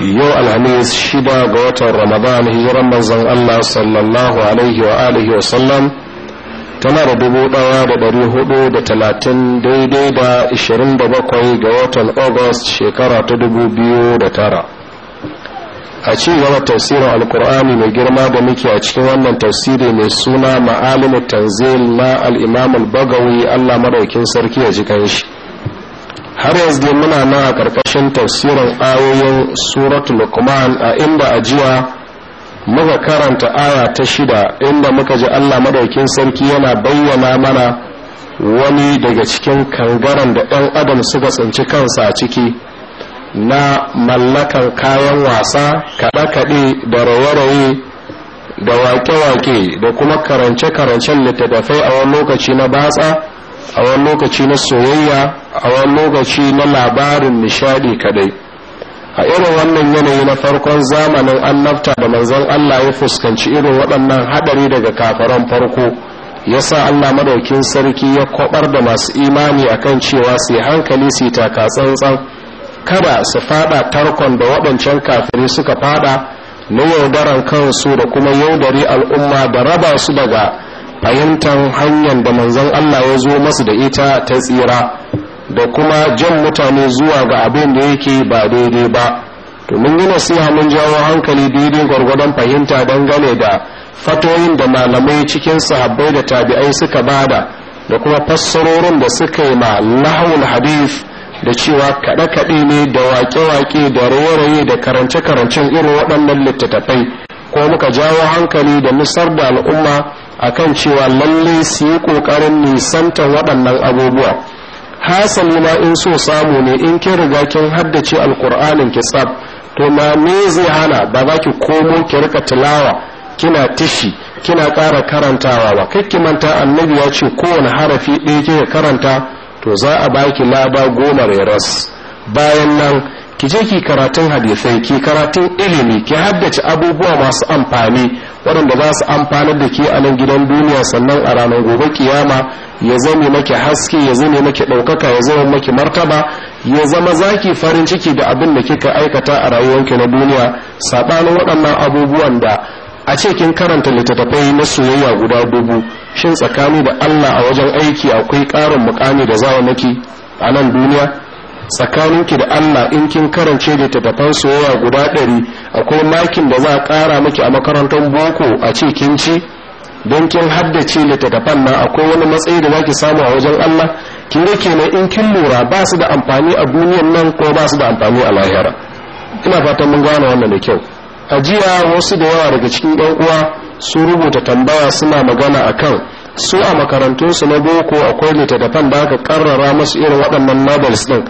yau alhamis shida ga watan ramadan hijiran manzon Allah sallallahu alaihi wa alihi wa sallam tana da dubu ɗaya da dari hudu da talatin daidai da ishirin da bakwai ga watan august shekara ta dubu biyu da tara a ci gaba tafsirin alkur'ani mai girma da muke a cikin wannan tafsiri mai suna ma'alimin tanzil na al'imam bagawi allah maɗaukin sarki ya ji shi. har yanzu muna nan a ƙarƙashin tafsirin ayoyin suratul luqman a inda a jiya muka karanta aya ta shida inda muka ji allah madaukin sarki yana bayyana mana wani daga cikin kangaren da 'yan adam suka tsinci kansa a ciki na mallakan kayan wasa kaɗe-kaɗe da raye-raye da wake-wake da kuma karance-karancen littattafai a wani lokaci na batsa a wani lokaci na soyayya a wani lokaci na labarin nishadi kadai a irin wannan yanayi na farkon zamanin annabta da manzon Allah ya fuskanci irin waɗannan haɗari daga kafaran farko Ya yasa Allah madaukin sarki ya kwabar da masu imani a kan cewa su hankali su taka tsantsan kada su fada tarkon da waɗancan kafiri suka fada na yaudaran kansu da kuma yaudari al'umma da raba su daga fahimtar hanyar da manzon Allah ya zo masu da ita ta tsira da kuma jan mutane zuwa ga abin da yake ba daidai ba to mun yi nasiha mun jawo hankali daidai gwargwadon fahimta dangane da fatoyin da malamai cikin sahabbai da tabi'ai suka bada da kuma fassarorin da suka yi ma lahawul hadith da cewa kaɗe-kaɗe ne da wake-wake da raye-raye da karance-karancen irin waɗannan littattafai ko muka jawo hankali da nusar da al'umma akan cewa lalle su yi ƙoƙarin nisantar waɗannan abubuwa hasali ma in so samu ne in kin riga kin haddace alƙur'anin ki tsab to ma me zai hana ba za ki komo ki rika tilawa kina tishi kina ƙara karantawa ba kakki manta annabi ya ce kowane harafi ɗaya kika karanta to za a baki laba goma rairas bayan nan ki je ki karatun hadisai ki karatun ilimi ki haddace abubuwa masu amfani waɗanda za su amfanar da ke a nan gidan duniya sannan a ranar gobe kiyama ya zame maki haske ya zame maki ɗaukaka ya zama maki martaba ya zama zaki farin ciki da abin da kika aikata a rayuwarki na duniya saɓanin waɗannan abubuwan da a ce kin karanta littattafai na soyayya guda dubu shin tsakani da allah a wajen aiki akwai ƙarin mukami da za maki a nan duniya tsakaninki da Allah in kin karance da tattafan soyayya guda ɗari akwai makin da za a ƙara miki a makarantar boko a ce kin ci don kin haddace litattafan na akwai wani matsayi da zaki samu a wajen Allah kin ga kenan in kin lura ba su da amfani a duniyar nan ko ba su da amfani a lahira ina fatan mun gane wannan da kyau a jiya wasu da yawa daga cikin ɗan uwa su rubuta tambaya suna magana akan su a makarantunsu na boko akwai littattafan da aka karrara masu irin waɗannan novels ɗin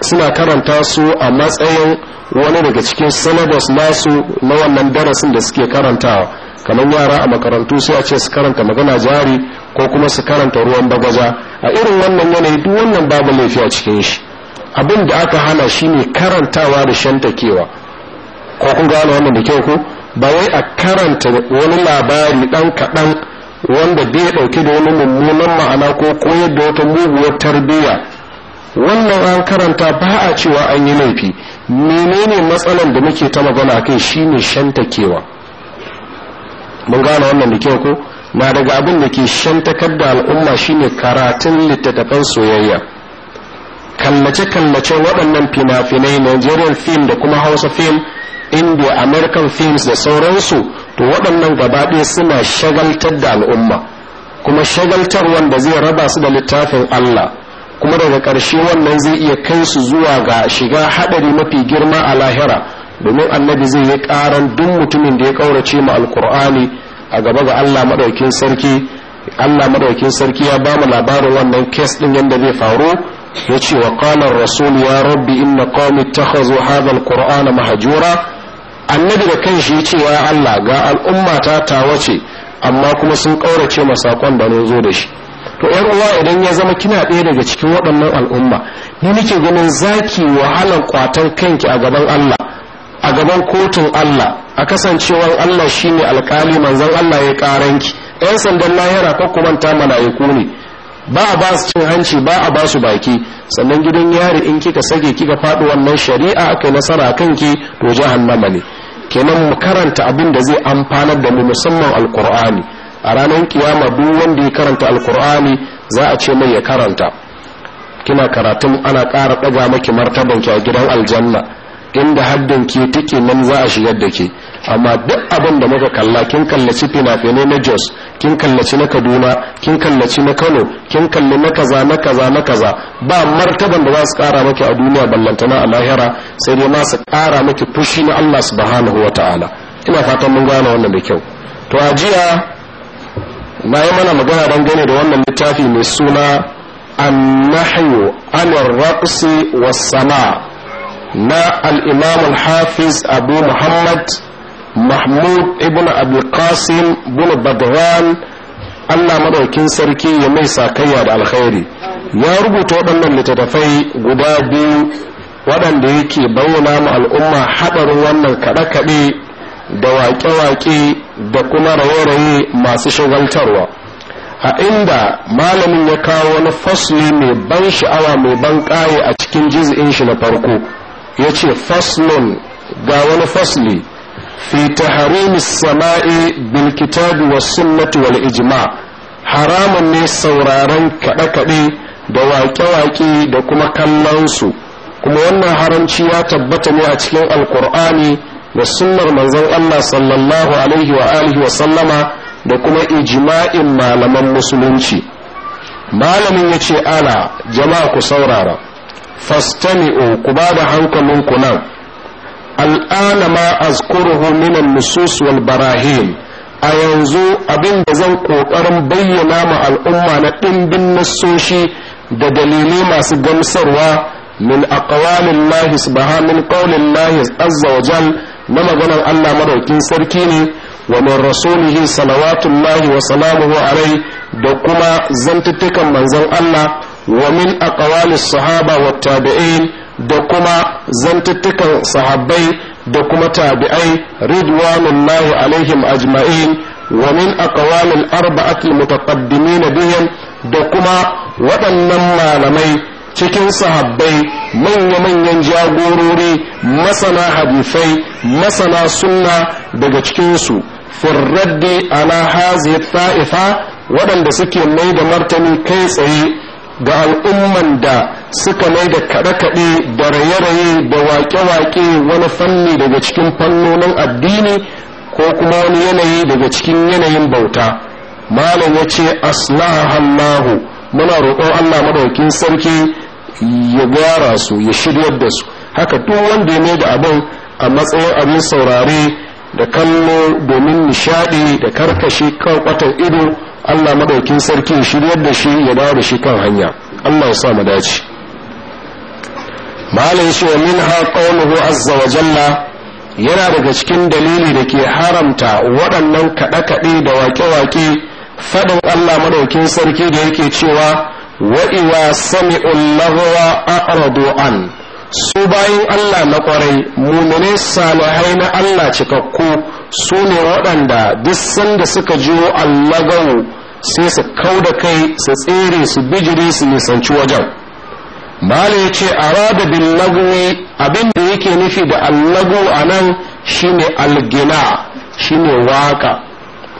suna karanta su a matsayin wani daga cikin syllabus nasu na wannan darasin da suke karantawa kamar yara a makarantu sai a ce su karanta magana jari ko kuma su karanta ruwan bagaja a irin wannan yanayi duk wannan babu laifi a cikin shi abin da aka hana shi ne karantawa da shantakewa ko kun gano wannan da kyau ko ba wai a karanta wani labari dan kaɗan wanda bai dauke da wani mummunan ma'ana ko koyar da wata muguwar tarbiyya wannan an karanta ba a cewa an yi laifi menene matsalan da muke ta magana kai shine shantakewa mun gane wannan da kyau ko na daga abin da ke shantakar da al'umma shine karatun littattafan soyayya kallace-kallace waɗannan fina-finai nigerian film da kuma hausa film india american films da sauransu to waɗannan gabaɗaya suna shagaltar da al'umma kuma shagaltar wanda zai raba su da littafin allah kuma daga ƙarshe wannan zai iya kai su zuwa ga shiga haɗari mafi girma a lahira domin annabi zai yi ƙaran duk mutumin da ya ƙaurace ma Alƙur'ani a gaba ga allah maɗaukin sarki allah maɗaukin sarki ya ba mu labarin wannan kes ɗin yadda zai faru ya ce wa ƙalar rasul ya rabbi inna qawmi takhazu hadha alqur'ana mahjura annabi da kanshi ya ce ya allah ga al'umma ta tawace amma kuma sun ƙaurace ma saƙon da ne zo da shi to yan uwa idan ya zama kina ɗaya daga cikin waɗannan al'umma ni nake ganin zaki wahalan kwatan kanki a gaban Allah a gaban kotun Allah a kasancewar Allah shine alkali manzon Allah ya karanki yan sandan lahira ko kuma ta mala'iku ne ba a ba su cin hanci ba a ba su baki sannan gidan yari in kika sake kika faɗi wannan shari'a aka nasara kanki to jahannama ne kenan mu karanta abin da zai amfanar da mu musamman alkur'ani a ranar kiyama duk wanda ya karanta alkur'ani za a ce mai ya karanta kina karatun ana kara ɗaga maki martaban ki a gidan aljanna inda haddin ki take nan za a shigar da ke amma duk abin da muka kalla kin kallaci fina-finai na jos kin kallaci na kaduna kin kallaci na kano kin kalli na kaza na kaza na kaza ba martaban da za su kara maki a duniya ballantana a lahira sai dai ma su kara maki fushi na allah subhanahu wa ta'ala ina fatan mun gane wannan da kyau to a jiya na yi mana magana dangane da wannan littafi mai suna annahyu anar raqsi was sama na al-imam al-hafiz abu muhammad mahmud ibn abu qasim bin badran allah madaukin sarki ya mai sakayya da alkhairi ya rubuta waɗannan littattafai guda biyu waɗanda yake bayyana mu al'umma haɗarin wannan kaɗe-kaɗe da waƙe-waƙe da kuma raye-raye masu shagaltarwa a inda malamin ya kawo wani fasli mai ban sha'awa mai ban ƙaye a cikin jiz'in shi na farko ya ce faslin ga wani fasli fi taharimi sama'i bil kitabu wa wal ijma haramun ne sauraron kaɗe-kaɗe da waƙe-waƙe da kuma kallonsu kuma wannan haramci ya tabbata ne a cikin alkur'ani da sunnar manzon Allah sallallahu alaihi wa alihi wa sallama da kuma ijma'in malaman musulunci malamin ya ce ala jama'a ku saurara fastami'u ku ba da hankalin ku nan al'ana ma azkuruhu min nusus wal barahin a yanzu abin da zan kokarin bayyana ma al'umma na ɗimbin nassoshi da dalilai masu gamsarwa min aqwalin lahi subhanahu min qawlin azza wa jalla na maganan Allah madaukin sarki ne wa min rasulihi salawatullahi wa salamuhu alai da kuma zantuttukan manzon Allah wa min aqwalis sahaba wa tabi'in da kuma zantuttukan sahabbai da kuma tabi'ai ridwanullahi alaihim ajma'in wa min aqwalil arba'atil mutaqaddimin bihim da kuma waɗannan malamai cikin sahabbai manya-manyan jagorori masana hadisai masana sunna daga cikinsu firraddi ala hazi ta'ifa waɗanda suke mai da martani kai tsaye ga al'umman da suka mai da kaɗe-kaɗe da raye-raye da waƙe-waƙe wani fanni daga cikin fannonin addini ko kuma wani yanayi daga cikin yanayin bauta malam ya ce aslahallahu muna roƙon allah maɗaukin sarki ya gyara su ya shiryar da su haka duk wanda ya da abin a matsayin abin saurare da kallo domin nishadi da karkashe kan kwatar ido Allah madaukin sarki ya shiryar da shi ya dawo da shi kan hanya Allah ya sa mu dace malai shi min ha qawluhu azza wa jalla yana daga cikin dalili da ke haramta waɗannan kaɗe-kaɗe da wake-wake faɗin Allah madaukin sarki da yake cewa wa'iwa sami'un lahuwa aqradu an su bayan Allah na kwarai mumune salihai na Allah cikakku su ne waɗanda duk sanda suka jiwo allagawu sai su kau da kai su tsere su bijiri su nisanci wajen mala ya ce arada bin lagwi abin da yake nufi da allagu a nan shine algina shine waka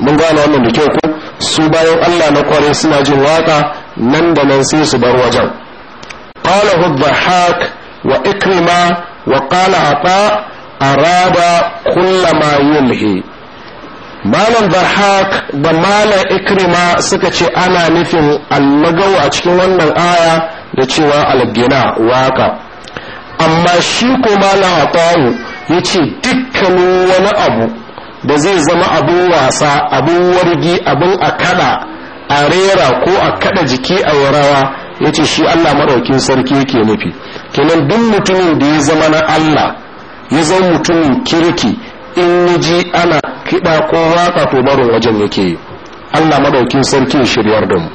mun gane wannan da kyau ko su bayan Allah na kwarai suna jin waka nan da nan sai su bar wajen qala hudhahak wa ikrima wa qala ata arada kullama yulhi malam dhahak da malam ikrima suka ce ana nufin allagau a cikin wannan aya da cewa algina waka amma shi ko malam atawu ya ce dukkanin wani abu da zai zama abin wasa abin wargi abin akada a rera ko a kada jiki a warawa ya ce shi allah maɗaukin sarki yake nufi kenan duk mutumin da ya zama na allah ya zama mutumin kirki in ya ji ana kiɗa ko waƙa to barin wajen yake yi allah maɗaukin sarki shiryar da mu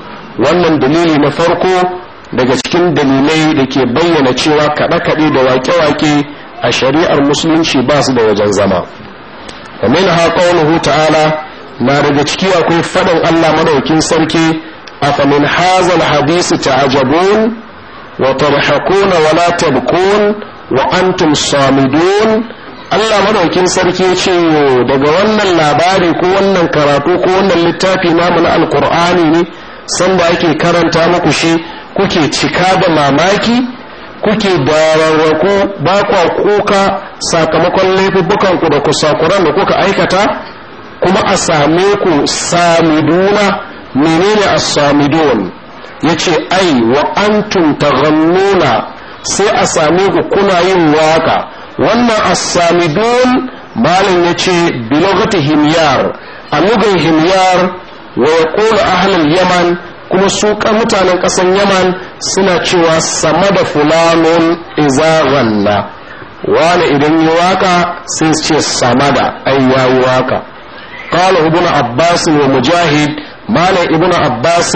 wannan dalili na farko daga cikin dalilai da ke bayyana cewa kaɗe-kaɗe da wake-wake a shari'ar musulunci ba su da wajen zama ومنها قوله تعالى na daga ciki akwai faɗin Allah madaukin sarki afamin hazal hadisi ta'ajabun wa tarhaqun wa la tabkun wa antum samidun Allah madaukin sarki ce daga wannan labari ko wannan karatu ko wannan littafi namu na alkur'ani ne san da ake karanta muku shi kuke cika da mamaki kuke bararraku ba kwa kuka sakamakon laifukan ku da kusakuran da kuka aikata kuma a same ku samiduna menene as-samidun yace ai wa antum taghannuna sai a same ku kuna yin waka wannan as-samidun malam yace biloghati himyar a lugan himyar wa yaqulu ahlul yaman kuma su mutanen kasan yaman suna cewa sama da fulanun na wani idan yi waka sai su ce samada da ai yayi waka قال ابن عباس ومجاهد mujahid malam عباس abbas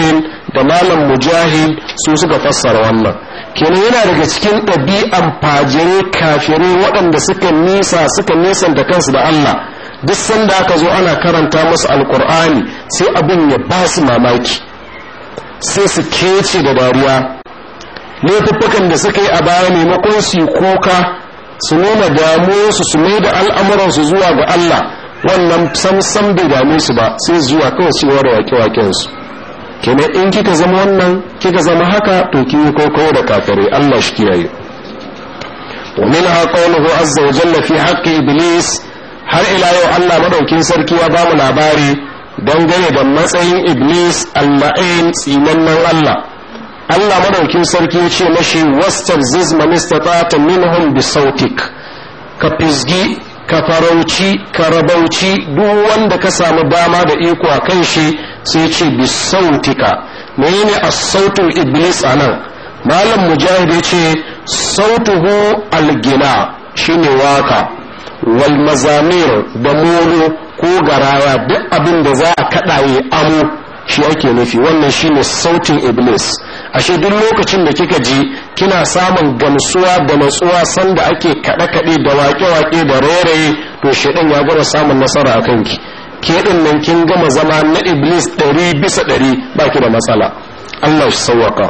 da malam mujahid su suka fassara wannan kenan yana daga cikin ɗabi'an fajire kafirai waɗanda suka nisa suka nisanta kansu da Allah duk sanda aka zo ana karanta musu alkur'ani sai abin ya ba su mamaki sai su kece da dariya laifuffukan da suka yi a baya maimakon su yi kuka su nuna damuwarsu su mai da al'amuransu zuwa ga Allah wannan samsam bai dame su ba sai zuwa kawai su ware wake-waken su kenan in kika zama wannan kika zama haka to kin yi kokowa da kafare Allah shi kiyaye ومنها قوله عز وجل في Iblis har ila yau Allah madaukin sarki ya bamu labari dangane da matsayin Iblis al-ma'in Allah Allah madaukin sarki ya ce mashi wastar zizma mistata minhum bi ka fizgi ka farauci ka rabauci duk wanda ka samu dama da iko a kan shi sai ce bi bisautika menene as-sautul iblis anan malam mujahid ya ce sautuhu al-gina shine waka wal mazamir da molo ko garaya duk abin da za a kaɗaye amu. shi ake nufi wannan shi ne sautin iblis ashe duk lokacin da kika ji kina samun gamsuwa da natsuwa sanda ake kaɗe-kaɗe da waƙe wake da rairaye to shaidan ya gwada samun nasara a kanki ke din nan kin gama zama na iblis ɗari bisa ɗari baki da matsala allah shi sauwaka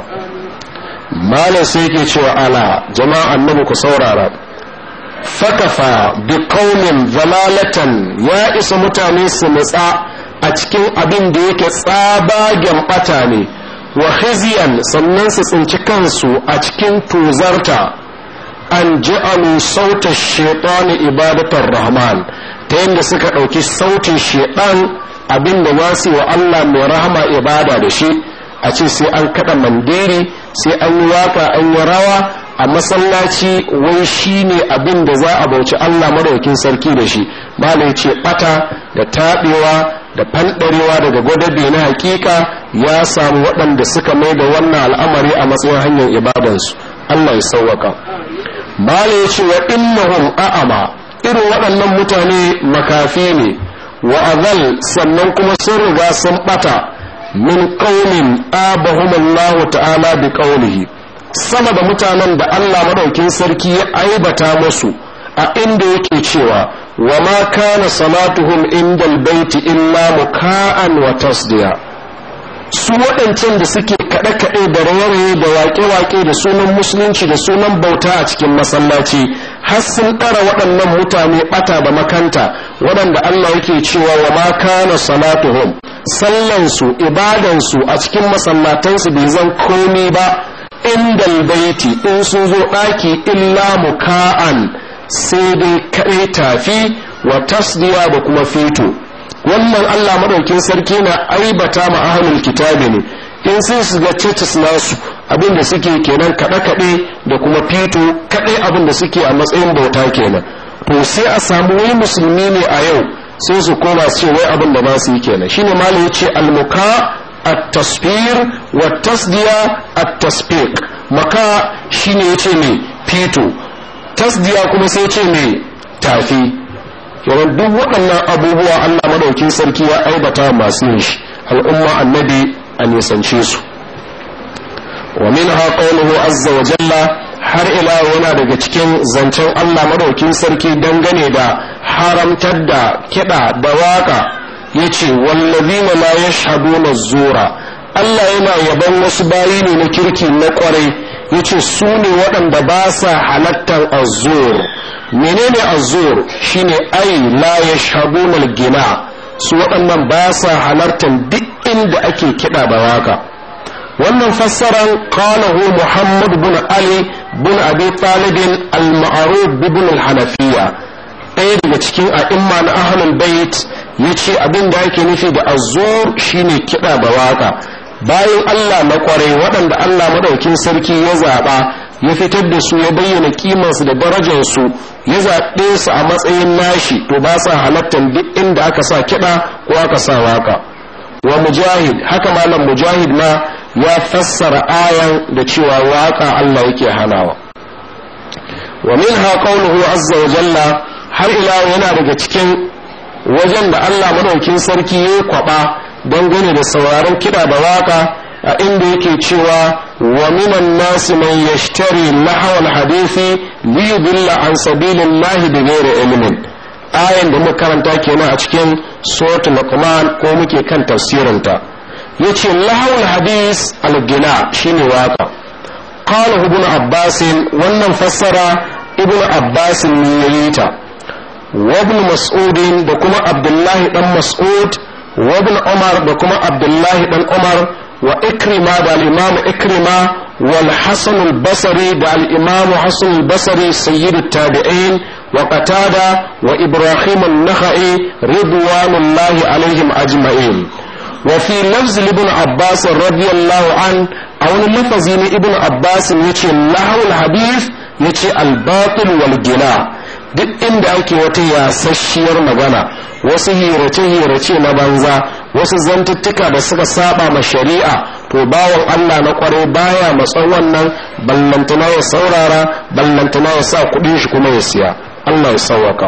malam sai ke cewa ala jama'a annabi ku saurara fakafa bi kaumin zalalatan ya isa mutane su nutsa a cikin abin da yake tsabagen bata ne wa sannan su tsinci kansu a cikin tozarta an alu sautar shaitani ibadatar rahman ta yadda suka ɗauki sautin shaitan abin da wasu wa Allah mai rahama ibada da shi a ce sai an kaɗa mandiri sai an yi waka an yi rawa a masallaci wai shi ne abin da za a bauci Allah madaukin sarki da shi malai ce ɓata da taɓewa da fanɗarewa daga gwadabe na hakika ya samu waɗanda suka mai da wannan al'amari a matsayin hanyar ibadansu allah ya sauwaka bala ya ce wa innahum a'ama irin waɗannan mutane makafi ne wa azal sannan kuma sun riga sun ɓata min qaumin abahumullahu ta'ala bi ƙaunihi sama da mutanen da Allah madaukin sarki ya aibata musu a inda yake cewa وما كان صلاتهم عند البيت إلا مكاء وتصديا su waɗancan da suke kaɗe-kaɗe da raye da waƙe-waƙe da sunan musulunci da sunan bauta a cikin masallaci har sun ƙara waɗannan mutane ɓata da makanta waɗanda Allah yake cewa wa ma kana salatuhum sallansu ibadansu a cikin masallatansu bai zan komi ba indal baiti in sun zo ɗaki illa muka'an sai dai kaɗai tafi wa tasdiya da kuma feto wannan allah maɗaukin sarki na aibata ma ahlul kitabi ne in sun ga churches nasu abin da suke kenan kaɗe-kaɗe da kuma feto kaɗai abin da suke a matsayin bauta kenan to sai a samu wani musulmi ne a yau sai su koma su ce wai abin da ba su yi kenan shine malam ya ce almuka tasdiya at التصفيق maka shine yace ne feto. tasdiya kuma sai ce mai tafi yawan duk waɗannan abubuwa allah maɗaukin sarki ya aibata masu yin shi al'umma annabi a nisance su wa min ha qawluhu azza wa jalla har ila yana daga cikin zancen Allah madaukin sarki dangane da haramtar da kiɗa da waƙa ya waka yace na la yashhaduna zura Allah yana yaban wasu bayi ne na kirki na kwarai yace ce su ne waɗanda ba sa halattar azur menene azur shine ai la ya gina su waɗannan ba sa halartar duk inda ake kiɗa ba waka wannan fassarar qalahu muhammad bin ali bin abi talib al-ma'ruf bin al-hanafiya ɗaya daga cikin a'imma na ahlul bait yace abin da ake nufi da azur shine kiɗa ba waka bayan Allah na kwarai waɗanda Allah maɗaukin sarki ya zaɓa ya fitar da su ya bayyana kimansu da darajarsu ya zaɓe su a matsayin nashi to ba sa halattar duk inda aka sa kiɗa ko aka sa waka wa mujahid haka malam mujahid ma ya fassara ayan da cewa waka Allah yake hanawa wa min ha qawluhu azza wa jalla har ila yana daga cikin wajen da Allah madaukin sarki ya kwaba dangane da sauraron kiɗa da waka a inda yake cewa wa minan nasi mai yashtari lahawal hadisi an yudilla an da da ilimin ayan da makaranta karanta kenan a cikin suratul luqman ko muke kan tafsirinta yace lahawal hadis al-gina shine waka qala ibn abbas wannan fassara ibn abbas ne ya yi ta wa ibn da kuma abdullahi ɗan mas'ud وابن عمر بكما عبد الله بن عمر وإكرمة دا الإمام إكرمة والحسن البصري دا الإمام حسن البصري سيد التابعين وقتادة وإبراهيم النخعي رضوان الله عليهم أجمعين وفي لفظ لابن عباس رضي الله عنه أو لفظ ابن عباس يتي لهو الحديث يتي الباطل والجلاء duk inda ake wata yasasshiyar magana wasu hirace-hirace na banza wasu zantuttuka da suka saba ma shari'a to bawan Allah na kware baya matsan wannan ballantana ya saurara ballantana ya sa kuɗin shi kuma ya siya Allah ya sauwaka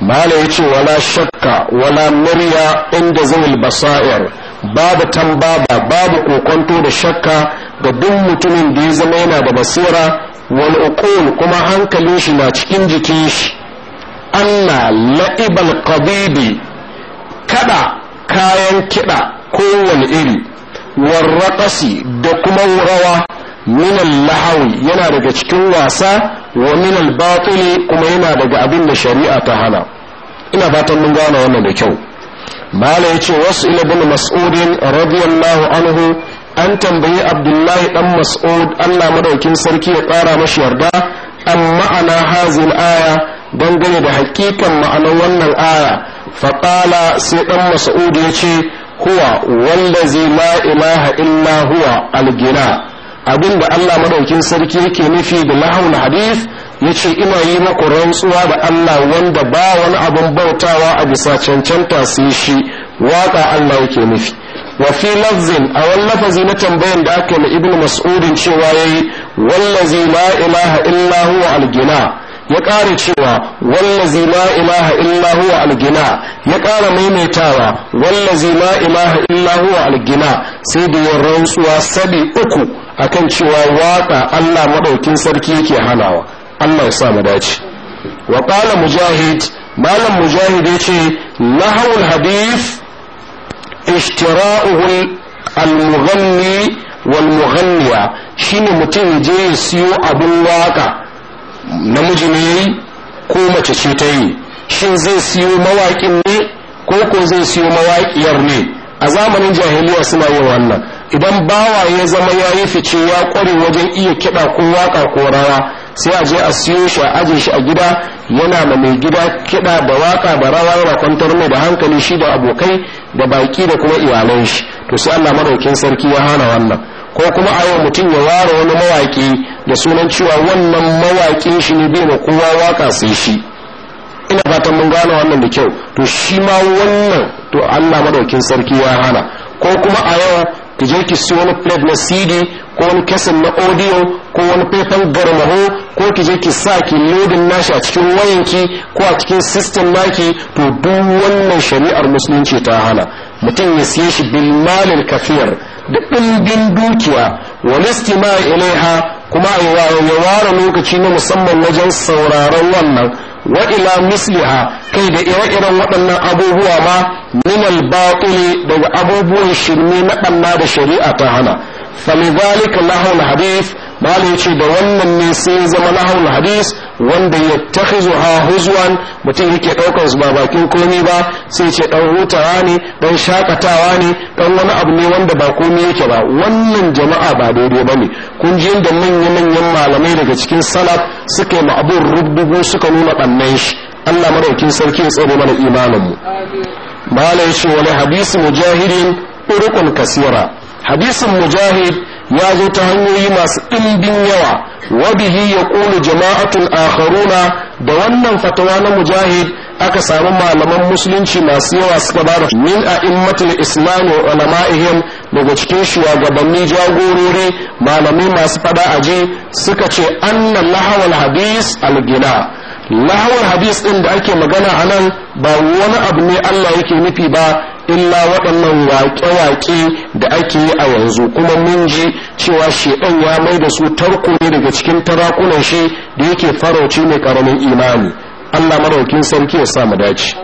mala ya ce wala shakka wala murya inda zai basair babu tambaba babu kokonto da shakka ga duk mutumin da ya zama yana da basira wal kuma hankalin shi na cikin jikin shi anna la'ibal qadidi kada kayan kiɗa kowane iri warraƙasi da kuma rawa minal lahawi yana daga cikin wasa wa minal batili kuma yana daga abin da shari'a ta hana ina fatan mun gane wannan da kyau bala ya ce wasu bin mas'udin radiyallahu anhu an tambayi abdullahi dan mas'ud allah madaukin sarki ya ƙara mashi yarda an ma'ana hazil aya dangane da hakikan ma'anar wannan aya faƙala sai ɗan masa'udu ya ce huwa wallazi la ilaha illa huwa algina abin da allah maɗaukin sarki yake nufi da lahun hadis ya ce ina yi maku rantsuwa da allah wanda ba wani abin bautawa a bisa cancanta sai shi waƙa allah yake nufi lafzin وفي da aka yi ibnu mas'udin cewa مسعود شواي والذي لا إله إلا al-gina. ya ƙara cewa wallazi la ilaha illa huwa algina ya ƙara maimaitawa wallazi la ilaha illa huwa algina sai da ya rantsuwa sabi uku akan cewa waƙa Allah madaukin sarki yake hanawa Allah ya sa mu dace wa qala mujahid malam mujahid yace lahawul hadith ishtira'uhu al-mughanni wal mughanniya shine mutum je ya siyo abin waƙa. namiji ne yi ko mace ce ta yi shin zai siyo mawaƙin ne ko ko zai siyo mawaƙiyar ne a zamanin jahiliya suna yin wannan idan bawa ya zama ya yi fice ya ƙware wajen iya kiɗa ko waƙa ko rawa sai a je a siyo shi a aje shi a gida yana ma mai gida kiɗa da waka da rawa yana kwantar mai da hankali shi da abokai da baki da kuma iyalan shi to sai Allah maɗaukin sarki ya hana wannan ko kuma a yau mutum ya ware wani mawaƙi da sunan cewa wannan mawaƙin shi ne bai da kowa waka sai shi ina fatan mun gano wannan da kyau to shi ma wannan to Allah madaukin sarki ya hana ko kuma a yau ki je ki siyo wani plate na CD ko wani kesin na audio ko wani faifan garmaho ko ki je ki sa ki loadin nashi a cikin wayanki ko a cikin system naki to duk wannan shari'ar musulunci ta hana mutum ya siye shi bil malil kafiyar da ɗimbin dukiya wal istima ilaiha kuma ya ware lokaci na musamman wajen sauraron wannan wa ila misliha kai da ire-iren waɗannan abubuwa ma min al daga abubuwan shirme na ɓanna da shari'a ta hana فلذلك له الحديث malu ya ce da wannan ne sai ya zama lahul hadis wanda ya takhizu ha huzwan mutum yake daukar su ba bakin komai ba sai ce dan hutawa ne dan shakatawa ne dan wani abu ne wanda ba komai yake ba wannan jama'a ba daidai bane kun ji da manya-manyan malamai daga cikin salaf suka yi ma'abun rubdugu suka nuna bannan shi Allah madaukin sarki ya tsare mana imanin mu malai ce wani hadisi mujahidin urukun kasira hadisin mujahid ya zo ta hanyoyi masu ɗimbin yawa wa bihi ya ƙulu jama'atul akharuna da wannan fatawa na mujahid aka samu malaman musulunci masu yawa suka da min a immatul islam wa ulama'ihim daga cikin shugabanni jagorori malamai masu fada aje suka ce anna lahawal hadis algina lahawal hadis din da ake magana a nan ba wani abu ne Allah yake nufi ba illa waɗannan waƙe-waƙe da ake yi a yanzu kuma mun ji cewa shedan ya mai da su tarko ne daga cikin tarakunan shi da yake farauci mai karamin imani allah maraukin sarki ya sa dace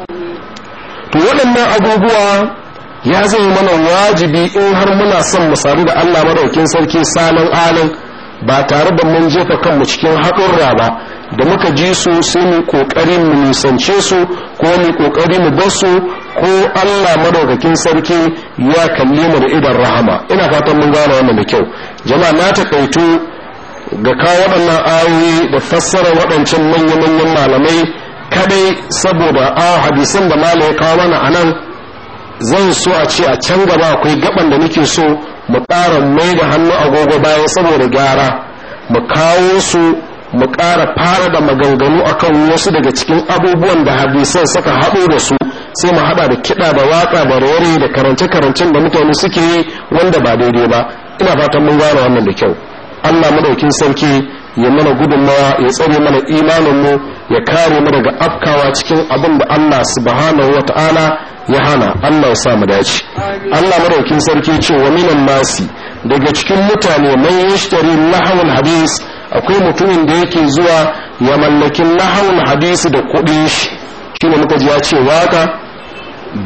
to waɗannan abubuwa ya zai mana wajibi in har muna son mu samu da allah maraukin sarki salon alin ba tare da mun jefa kanmu cikin haɗurra ba da muka ji su sai mu kokari mu nisance su ko mu kokari mu bar su ko Allah madaukakin sarki ya kalle mu da idan rahama ina fatan mun gane wannan da kyau jama'a na takaitu ga kawo waɗannan ayoyi da fassara waɗancan manya-manyan malamai kadai saboda a hadisan da ya kawo mana anan zan so a ce a can gaba akwai gaban da nake so mu ƙara mai da hannu agogo baya saboda gyara mu kawo su mu ƙara fara da maganganu a kan wasu daga cikin abubuwan da hadisan suka haɗo da su sai mu haɗa da kiɗa da waƙa da rere da karance-karancen da mutane suke yi wanda ba daidai ba ina fatan mun gane wannan da kyau allah madaukin sarki ya mana gudunmawa ya tsare mana imaninmu ya kare mu daga afkawa cikin abin da allah subhanahu wa ta'ala ya hana allah ya sa mu dace allah madaukin sarki ce wa minan nasi daga cikin mutane man yashtari lahawul hadis akwai mutumin da yake zuwa ya mallakin nahawun hadisi da kudin shi ne muka ji ya ce waka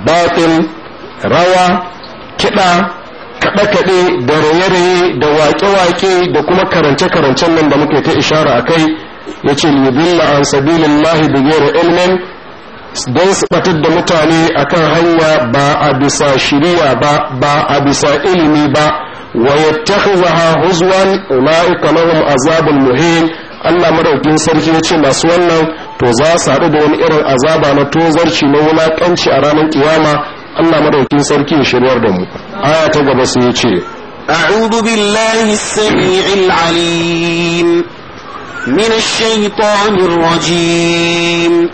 batin rawa kiɗa kaɗe-kaɗe da raye-raye da waƙe-waƙe da kuma karance-karancen nan da muke ta ishara a kai ya ce libilla an sabilin lahi da ilmin don su batar da mutane akan hanya ba a bisa shiriya ba ba a bisa ilimi ba ويتخذها هزوا أولئك لهم عذاب مهين Allah madaukin sarki ya ce masu wannan to za su haɗu da wani irin azaba na tozarci na wulaƙanci a ranar kiyama Allah madaukin sarki ya shirwar da mu aya ta gaba su ya ce a'udhu billahi as-sami'il alim min ash-shaytanir rajim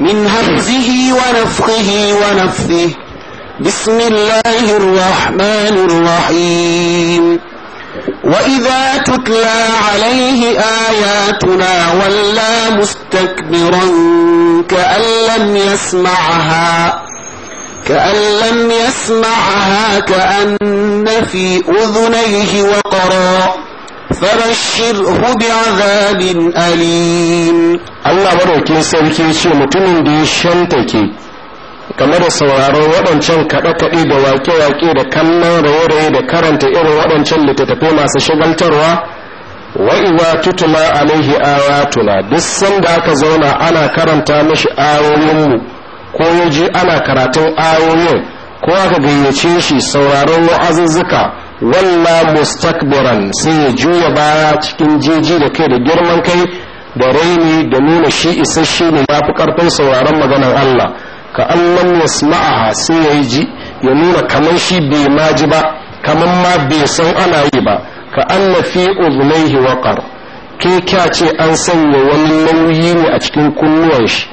min hamzihi wa nafthihi wa nafthihi بسم الله الرحمن الرحيم وإذا تتلى عليه آياتنا ولى مستكبرا كأن لم يسمعها كأن لم يسمعها كأن في أذنيه وقرا فبشره بعذاب أليم الله بارك يسلك يشي متمن دي شنتكي game da sauraron waɗancan kaɗe-kaɗe da wake-wake da kallon raye-raye da karanta irin waɗancan littattafai masu shigaltarwa wa'iwa tutula alaihi ayatuna duk sanda aka zauna ana karanta mishi ayoyinmu ko yaji ana karatun ayoyin ko aka gayyace shi sauraron wa'azuzzuka walla mustakbiran sai ya juya baya cikin jeji da kai da girman kai da raini da nuna shi isasshe ne ya karfin sauraron maganar Allah ka allan yasma'aha sai ya ji ya nuna kamar shi bai ma ji ba kamar ma bai san ana yi ba ka na fi uzunaihi waƙar ke kya ce an sanya wani nauyi ne a cikin kunnuwan shi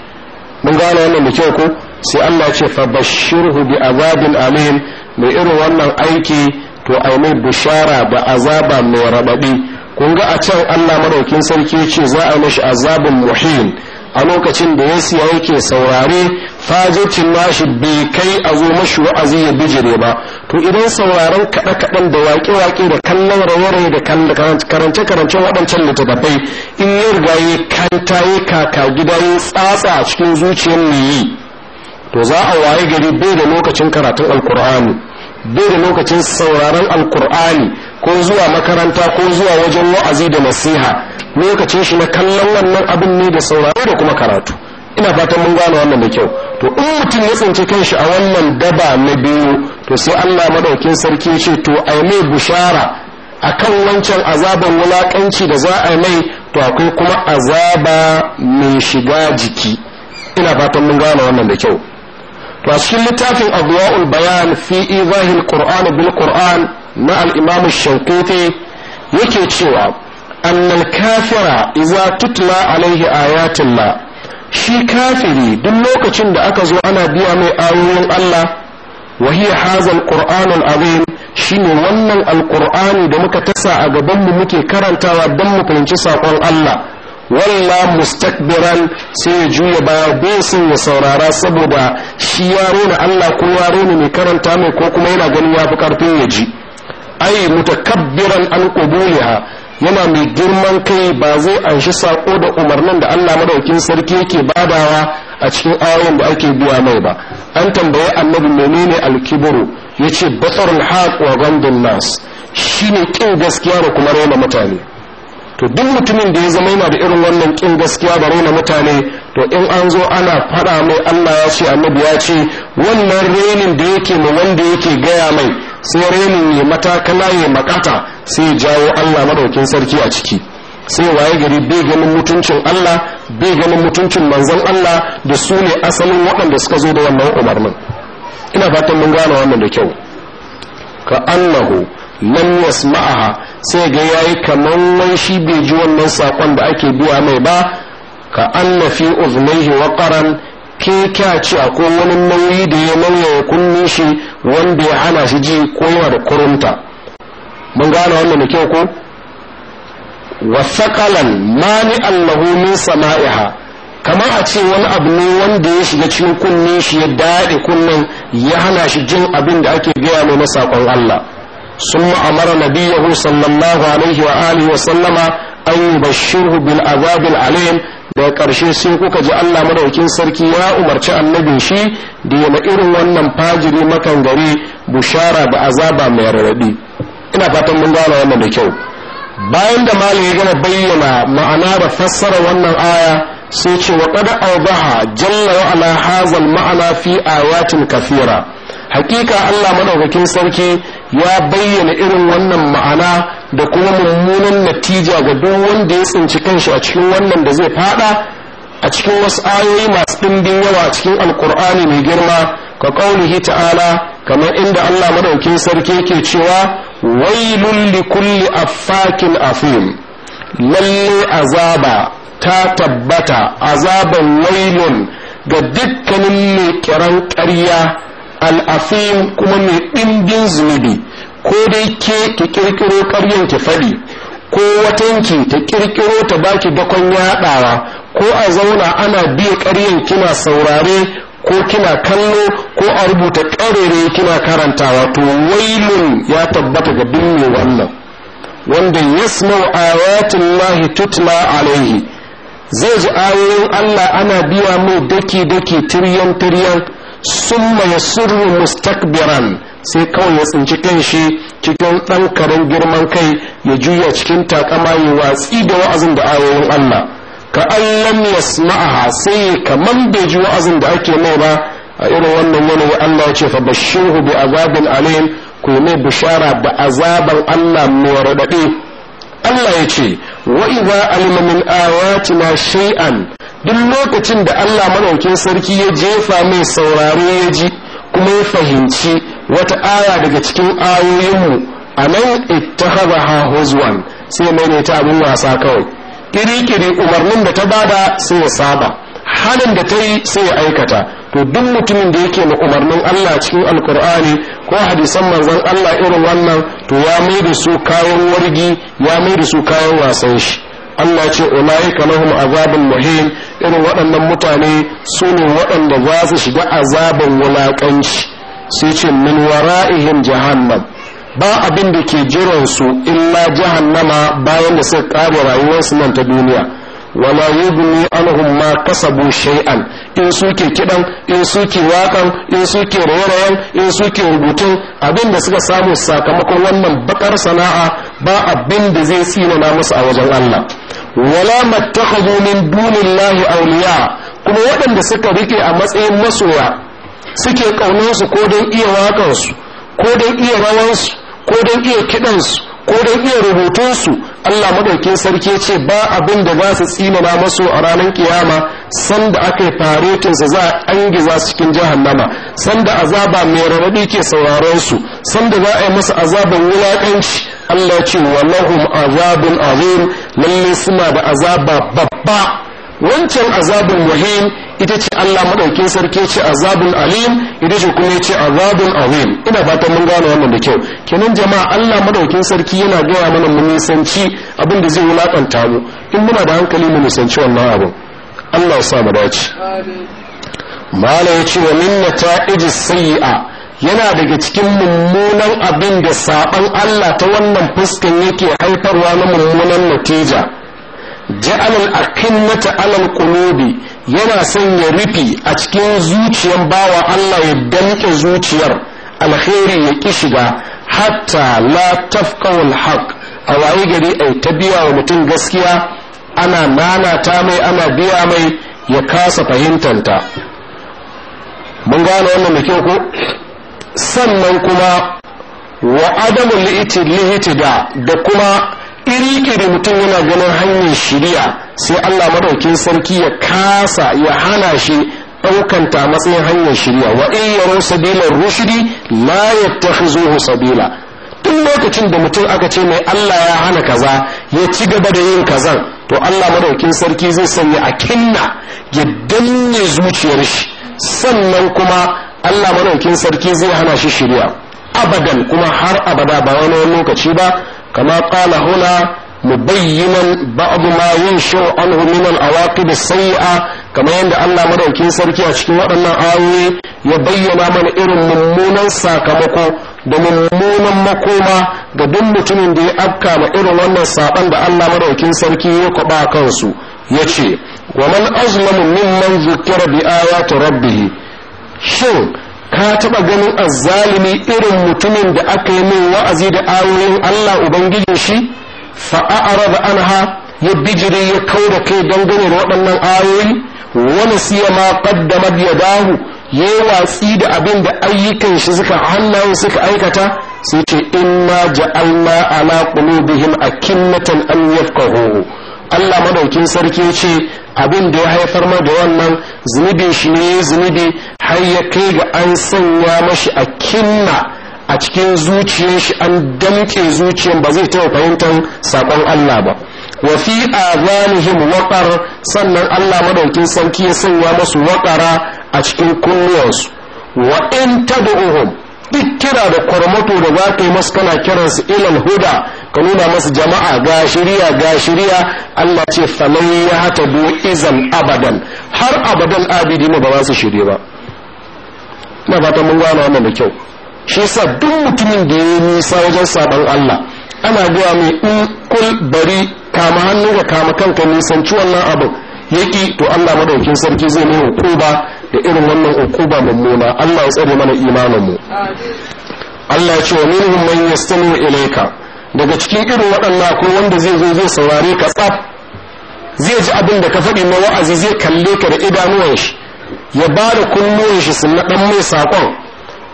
mun gane wannan da kyau ko sai Allah ce fa bashirhu bi azabin amin mai irin wannan aiki to ai mai bishara da azaba mai rabadi kun ga a can Allah madaukin sarki ce za a mashi azabin muhin a lokacin da ya siya yake saurare fajocin nashi bai kai a zo mashi wa'azi ya bijire ba to idan sauraron kaɗe kaɗan da waƙe-waƙe da kallon raye-raye da karance-karancen waɗancan littattafai in yi riga ya kanta ya kaka gida ya tsatsa a cikin zuciyar mai yi to za a waye gari bai da lokacin karatun alkur'ani bai da lokacin sauraron alkur'ani ko zuwa makaranta ko zuwa wajen wa'azi da nasiha lokacin shi na kallon wannan abin ne da sauraro da kuma karatu ina fatan mun gane wannan da kyau to in mutum ya tsinci kanshi a wannan daba na biyu to sai Allah madaukin sarki ya ce to ai mai bushara akan wancan azaban wulakanci da za a mai to akwai kuma azaba mai shiga jiki ina fatan mun gane wannan da kyau to cikin littafin adwa'ul bayan fi izahil qur'an bil qur'an na al-imam yake cewa annal kafira iza tutla alaihi ayatullah shi kafiri duk lokacin da aka zo ana biya mai ayoyin Allah wahi hiya hazal qur'anul azim shine wannan alqur'ani da muka tasa a gaban mu muke karantawa don mu fahimci saƙon Allah walla mustakbiran sai ya juya baya sun ya saurara saboda shi ya na Allah ko ya ne mai karanta mai ko kuma yana ganin ya fi karfin ya ji ai mutakabbiran an qubuliha yana mai girman kai ba zai anshi sako da umarnin da Allah madaukin sarki yake badawa a cikin ayoyin da ake biya mai ba an tambaye annabi menene alkibiru yace basarul haq wa ghamdun nas shine kin gaskiya da kuma raina mutane to duk mutumin da ya zama yana da irin wannan kin gaskiya da raina mutane to in an zo ana faɗa mai Allah ya ce annabi ya ce wannan renin da yake ma wanda yake gaya mai sai renin ne matakala ya makata sai ya jawo Allah madaukin sarki a ciki sai waye gari bai ganin mutuncin Allah bai ganin mutuncin manzon Allah da su ne asalin waɗanda suka zo da wannan umarnin ina fatan mun gane wannan da kyau ka annahu lam yasma'aha sai ga yayi kamar wai shi bai ji wannan sakon da ake biya mai ba ka anna fi wa ƙaran ke kya ci akwai wani nauyi da ya nauya ya kunne shi wanda ya hana shi ji kowa da kurunta mun gane wannan da kyau ko wasakalan mani allahu min sama'iha kamar a ce wani abu ne wanda ya shiga cikin kunne shi ya daɗe kunnen ya hana shi jin abin da ake biya mai na saƙon Allah ثم أمر نبيه صلى الله عليه وآله وسلم أن يبشره بالعذاب العليم da ƙarshe sai kuka ji Allah madaukin sarki ya umarci annabin shi da yana irin wannan fajiri makan gari bushara da azaba mai raɗi. ina fatan mun gane wannan da kyau bayan da malam ya gama bayyana ma'ana da fassara wannan aya sai ce wa qad awdaha jalla wa ala hazal ma'ana fi ayatin kafira. hakika Allah madaukakin sarki ya bayyana irin wannan ma'ana da kuma mummunan natija ga duk wanda ya tsinci kanshi a cikin wannan da zai fada a cikin wasu ayoyi masu ɗimbin yawa a cikin alkur'ani mai girma ka kaulihi ta'ala kamar inda Allah madaukakin sarki yake cewa wailul li kulli affakin afim lalle azaba ta tabbata azaban wailun ga dukkanin mai kiran ƙarya al'afim kuma mai ɗimbin zunubi ko dai ke ki kirkiro ƙaryan ki faɗi ko watanki ta kirkiro ta baki bakon yaɗawa ko a zauna ana biya ƙaryan kina saurare ko kina kallo ko a rubuta ƙarere kina karantawa to wailun ya tabbata ga dunne wannan wanda yasma'u ayatin lahi tutla alaihi zai ji ayoyin Allah ana biya mai daki daki tiryan tiryan summa ya mustakbiran sai kawai ya tsinci kanshi cikin ɗan girman kai ya juya cikin takama ya watsi da wa'azin da ayoyin Allah ka allam yasma'aha sai kaman bai ji wa'azin da ake mai ba a irin wannan yanayi Allah ya ce fa bashiru bi azabin alim ku mai bishara da azaban Allah mai raɗaɗe Allah ya ce wa idza alima min ayatina shay'an duk lokacin da Allah madaukin sarki ya jefa mai sauraro ya ji kuma ya fahimci wata aya daga cikin ayoyinmu a nan ittakhadha ha huzwan sai mai ne ta abin wasa kawai kiri-kiri umarnin da ta bada sai ya saba halin da ta yi sai ya aikata to duk mutumin da yake na umarnin Allah cikin alkur'ani ko hadisan manzon Allah irin wannan to ya mai da su kayan wargi ya mai da su kayan wasan shi Allah ce ulaika lahum azabun muhim irin waɗannan mutane su ne waɗanda za su shiga azabin wulaƙanci sai ce min wara'ihim jahannam ba abin da ke jiransu illa jahannama bayan da suka kare rayuwarsu nan ta duniya wala ne anhum ma kasabu shay'an in suke kidan in suke wakan in suke rayayen in suke rubutun abin da suka samu sakamakon wannan bakar sana'a ba abin da zai tsina na musu a wajen Allah wala mattakhadhu min dunillahi awliya kuma waɗanda suka rike a matsayin masoya suke kaunansu ko don iya waƙansu ko don iya rawansu ko don iya kiɗansu ko don iya rubutunsu Allah madaukin sarki ce ba abin da za su tsinana masu a ranar kiyama sanda aka yi faretinsa za a angiza su cikin jahannama sanda azaba mai raɗaɗi ke sauraron su sanda za a yi masa azaban wulaƙanci Allah ce wa lahum azabun azim lalle suna da azaba babba wancan azabin muhim ita ce Allah madaukin sarki ce azabun alim ita ce kuma ce azabun azim ina fatan mun gane wannan da kyau kenan jama'a Allah madaukin sarki yana gaya mana mu nisanci abin da zai wulakanta mu in muna da hankali mu nisanci wannan abin Allah ya sa mu dace mala yace wa minna nata'ij sayyi'a yana daga cikin mummunan abin da saban Allah ta wannan fuskan yake haifarwa na mummunan natija ja'al al-akinnata 'ala al-qulubi yana son ya rufe a cikin zuciyar bawa Allah ya danke zuciyar alkhairi ya ki shiga hatta la tafkawul haq a waye gari a ta biya wa mutum gaskiya ana ta mai ana biya mai ya kasa fahimtanta mun gane wannan da kyau ko sannan kuma wa adamu li'iti da da kuma iri mutum yana ganin hanyar shiriya sai Allah madaukin sarki ya kasa ya hana shi ɗaukanta matsayin hanyar shirya wa in yaro sabilar rushidi la yattakhizuhu sabila Tun lokacin da mutum aka ce mai Allah ya hana kaza ya ci gaba da yin kazan to Allah madaukin sarki zai sanya a kinna ya danne zuciyar shi sannan kuma Allah madaukin sarki zai hana shi shirya abadan kuma har abada ba wani lokaci ba kama qala huna mubayyinan ba'd ma yunshu anhu min al-awaqib as-sayyi'a kamar yadda Allah madaukin sarki a cikin waɗannan ayoyi ya bayyana mana irin mummunan sakamako da mummunan makoma ga duk mutumin da ya afka ma irin wannan saban da Allah madaukin sarki ya kwaba kansu ya ce wa man azlamu mimman zukira bi ayati rabbih shin ka taba ganin azzalimi irin mutumin da aka yi min wa'azi da ayoyin Allah ubangijin shi fa'a'arar anha ya bijiri ya kau da kai dangane waɗannan ayoyi wani siya ma ƙaddamar ya dahu ya yi watsi da abin da ayyukan shi suka hannayen suka aikata sai ce inna ja'alna ala qulubihim akinnatan an yafqahu Allah madaukin sarki ce abin da ya haifar ma da wannan zunubin shi ne zunubi har ya kai ga an sanya mashi akinna a cikin zuciyar shi an damke zuciyar ba zai taɓa fahimtar sakon Allah ba wa fi azanihim waƙar sannan Allah madaukin sarki ya sanya masu waqara a cikin kunnuwansu wa in tad'uhum duk kira da kwarmato da za ka yi masu kana kiransu ilal huda ka nuna masu jama'a ga shirya ga shirya Allah ce falon ya hata bu izan abadan har abadan abidi ba za su shirya ba na fatan mun gano wannan da kyau shi yasa duk mutumin da ya yi nisa wajen sabon Allah ana gwa mai in kul bari kama hannu ga kama kanka nisan nisanci wannan abin yaki to Allah madaukin sarki zai mai hukuma da irin wannan hukuma mummuna Allah ya tsare mana imanin mu Allah ya ce wa minhum man yastami ilayka daga cikin irin waɗannan akwai wanda zai zo zai saurare ka tsaf zai ji abin da ka faɗi na wa'azi zai kalle ka da idanuwan shi ya ba da kunnuwan shi su na ɗan mai saƙon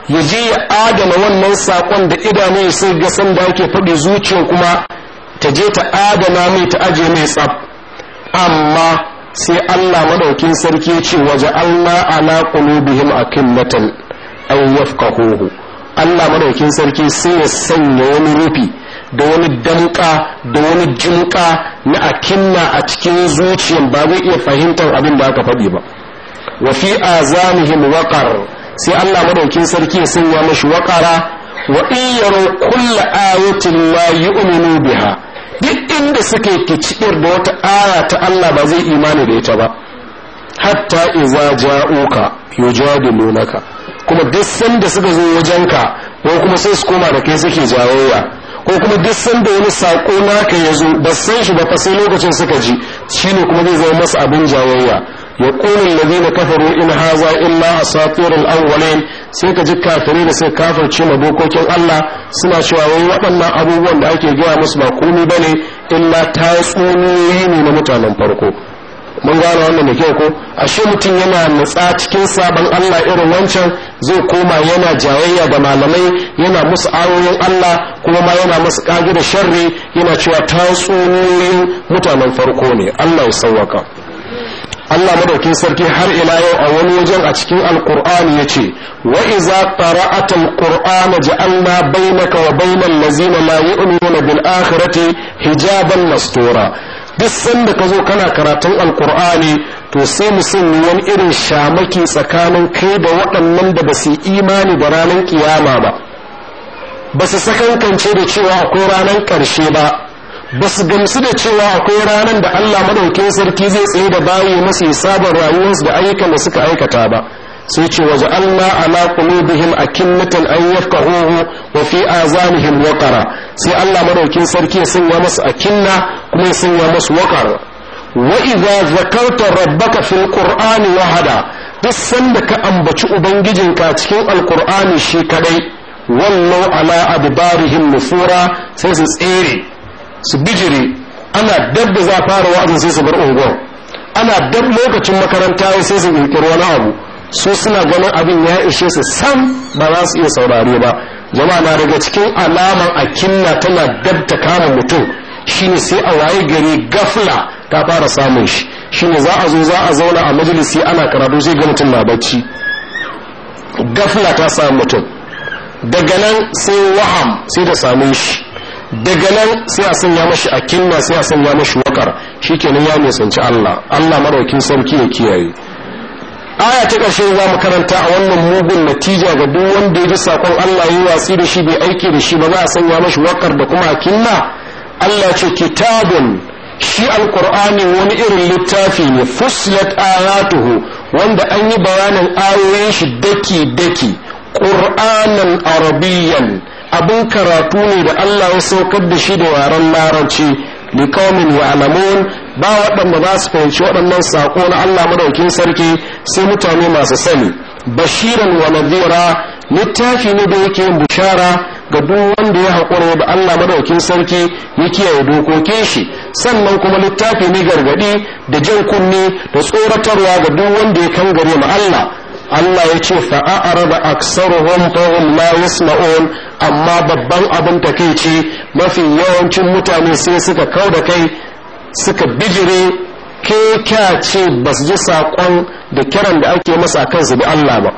ya je ya adana wannan sakon da ya sai ga san da yake faɗi zuciyar kuma ta je ta adana mai ta aje mai tsaf amma sai Allah madaukin sarki ce waje Allah ala qulubihim akimmatan aw yafqahuhu Allah madaukin sarki sai ya sanya wani rufi da wani danka da wani jinka na akinna a cikin zuciyar ba zai iya fahimtar abin da aka faɗi ba wa fi azanihim waqar sai Allah madaukin sarki ya sanya mashi waƙara wa yaro kulla ayatin la yu'minu biha duk inda suke kicibir da wata aya ta Allah ba zai imani da ita ba hatta iza ja'uka yujadilunaka kuma duk sanda suka zo wajenka ko kuma sai su koma da kai suke jawoya ko kuma duk sanda wani sako naka ya zo ba san shi ba fa sai lokacin suka ji shine kuma zai zama masa abin jawoya يقول الذين كفروا إن هذا إلا أساطير الأولين sai ka ji kafari da suka kafirce ma bokokin Allah suna cewa wai waɗannan abubuwan da ake gaya musu ba komai ba ne illa tatsuniyoyi na mutanen farko mun gane wannan da kyau ko ashe mutum yana nutsa cikin sabon Allah irin wancan zai koma yana jayayya da malamai yana musu ayoyin Allah kuma ma yana musu kage da sharri yana cewa tatsuniyoyin mutanen farko ne Allah ya sauwaka Allah madaukin sarki har ila yau a wani wajen a cikin alkur'ani ya ce wa iza qara'ata alqur'ana ja'alna bainaka wa bainal ladzina la yu'minuna bil akhirati hijaban mastura duk sanda ka zo kana karatun alkur'ani to sai mu sanya wani irin shamaki tsakanin kai da waɗannan da ba su imani da ranar kiyama ba ba su sakankance da cewa akwai ranar ƙarshe ba ba su gamsu da cewa akwai ranar da Allah madaukin sarki zai tsaye da bayi masu hisabar rayuwarsu da ayyukan da suka aikata ba sai ce waje Allah ala qulubihim akimmatan an yafqahuhu wa fi azanihim waqara sai Allah madaukin sarki ya sanya masu akinna kuma ya sanya masu waqara wa idza zakarta rabbaka fil qur'ani wahada duk sanda ka ambaci ubangijinka cikin alqur'ani shi kadai wallau ala adbarihim nufura sai su tsere su bijire ana dab da za a fara wa'azin sai su bar unguwar ana dab lokacin makaranta sai su ƙirƙiri wani abu su suna ganin abin ya ishe su sam ba za su iya saurari ba jama'a na daga cikin alaman kinna tana dab ta kama mutum shine sai a waye gari gafla ta fara samun shi shine za a zo za a zauna a majalisi ana karatu sai ga mutum na bacci gafla ta samu mutum daga nan sai waham sai da samun shi daga nan sai a sanya mashi a kinna sai a sanya mashi wakar kenan ya nisanci Allah Allah maraukin sarki ya kiyaye aya ta ƙarshe za mu karanta a wannan mugun natija ga duk wanda ya ji sakon Allah yi watsi da shi bai aiki da shi ba za a sanya mashi wakar da kuma a kinna Allah ce kitabun shi alkur'ani wani irin littafi ne fuslat ayatuhu wanda an yi bayanin ayoyin shi daki daki qur'anan arabiyyan abin karatu ne da Allah ya saukar da shi da yaren larabci liqaumin alamun ba waɗanda za su fahimci waɗannan sako na Allah madaukin sarki sai mutane masu sani bashiran wa nadhira littafi ne da yake yin bushara ga duk wanda ya haƙura da Allah madaukin sarki ya kiyaye dokokin shi sannan kuma littafi ne gargaɗi da jan kunne da tsoratarwa ga duk wanda ya kangare ma Allah Allah ya ce fa'a'ar da aksaruhun fahim la yasma'un amma babban abin takaici mafi yawancin mutane sai suka kau da kai suka bijire ke ce ba su ji saƙon da kiran da ake masa kansu da Allah ba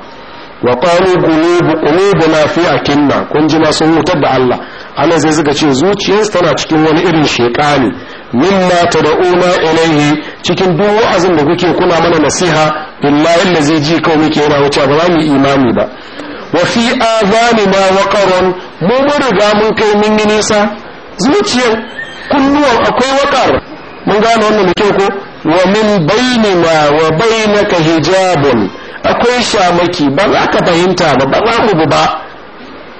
wa ƙwari gulubu na fi a kinna kun ji masu hutar da Allah ana zai suka ce zuciyarsu tana cikin wani irin sheƙa ne mimma tad'una ilayhi cikin duk wa'azin da kuke kuna mana nasiha billahi allazi ji kawai muke yana wuce ba mu imani ba wa fi ma waqarun mu mun riga mun kai mun yi nisa zuciyar kunnuwan akwai waqar mun gane wannan da kyau ko wa min bainina wa bainaka hijabun akwai shamaki ba za ka fahimta ba ba za mu ba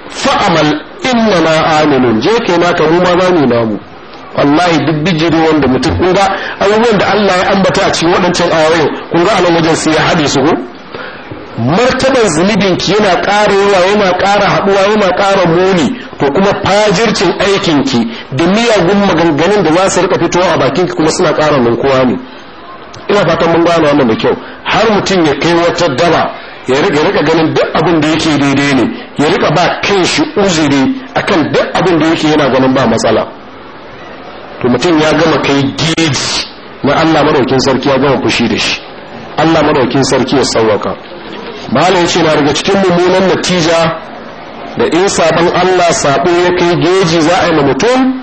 fa'amal innana amilun je kai naka mu ma za mu namu wallahi duk bijiri wanda mutum kun ga abubuwan da Allah ya ambata a cikin waɗancan ayoyin kun ga a wajen sai ya haɗe su martaban zunubin ki yana ƙara yawa yana ƙara haɗuwa yana ƙara muni to kuma fajircin aikin ki da miyagun maganganun da za su rika fitowa a bakin ki kuma suna ƙara ninkuwa ne ina fatan mun gano wannan da kyau har mutum ya kai wata daba ya rika ganin duk abin da yake daidai ne ya rika ba kan shi uzuri akan duk abin da yake yana ganin ba matsala to mutum ya gama kai geji na Allah madaukin sarki ya gama fushi da shi Allah madaukin sarki ya sauwaka malam ce na daga cikin mummunan natija da in sabon Allah sabo ya kai geji za a yi ma mutum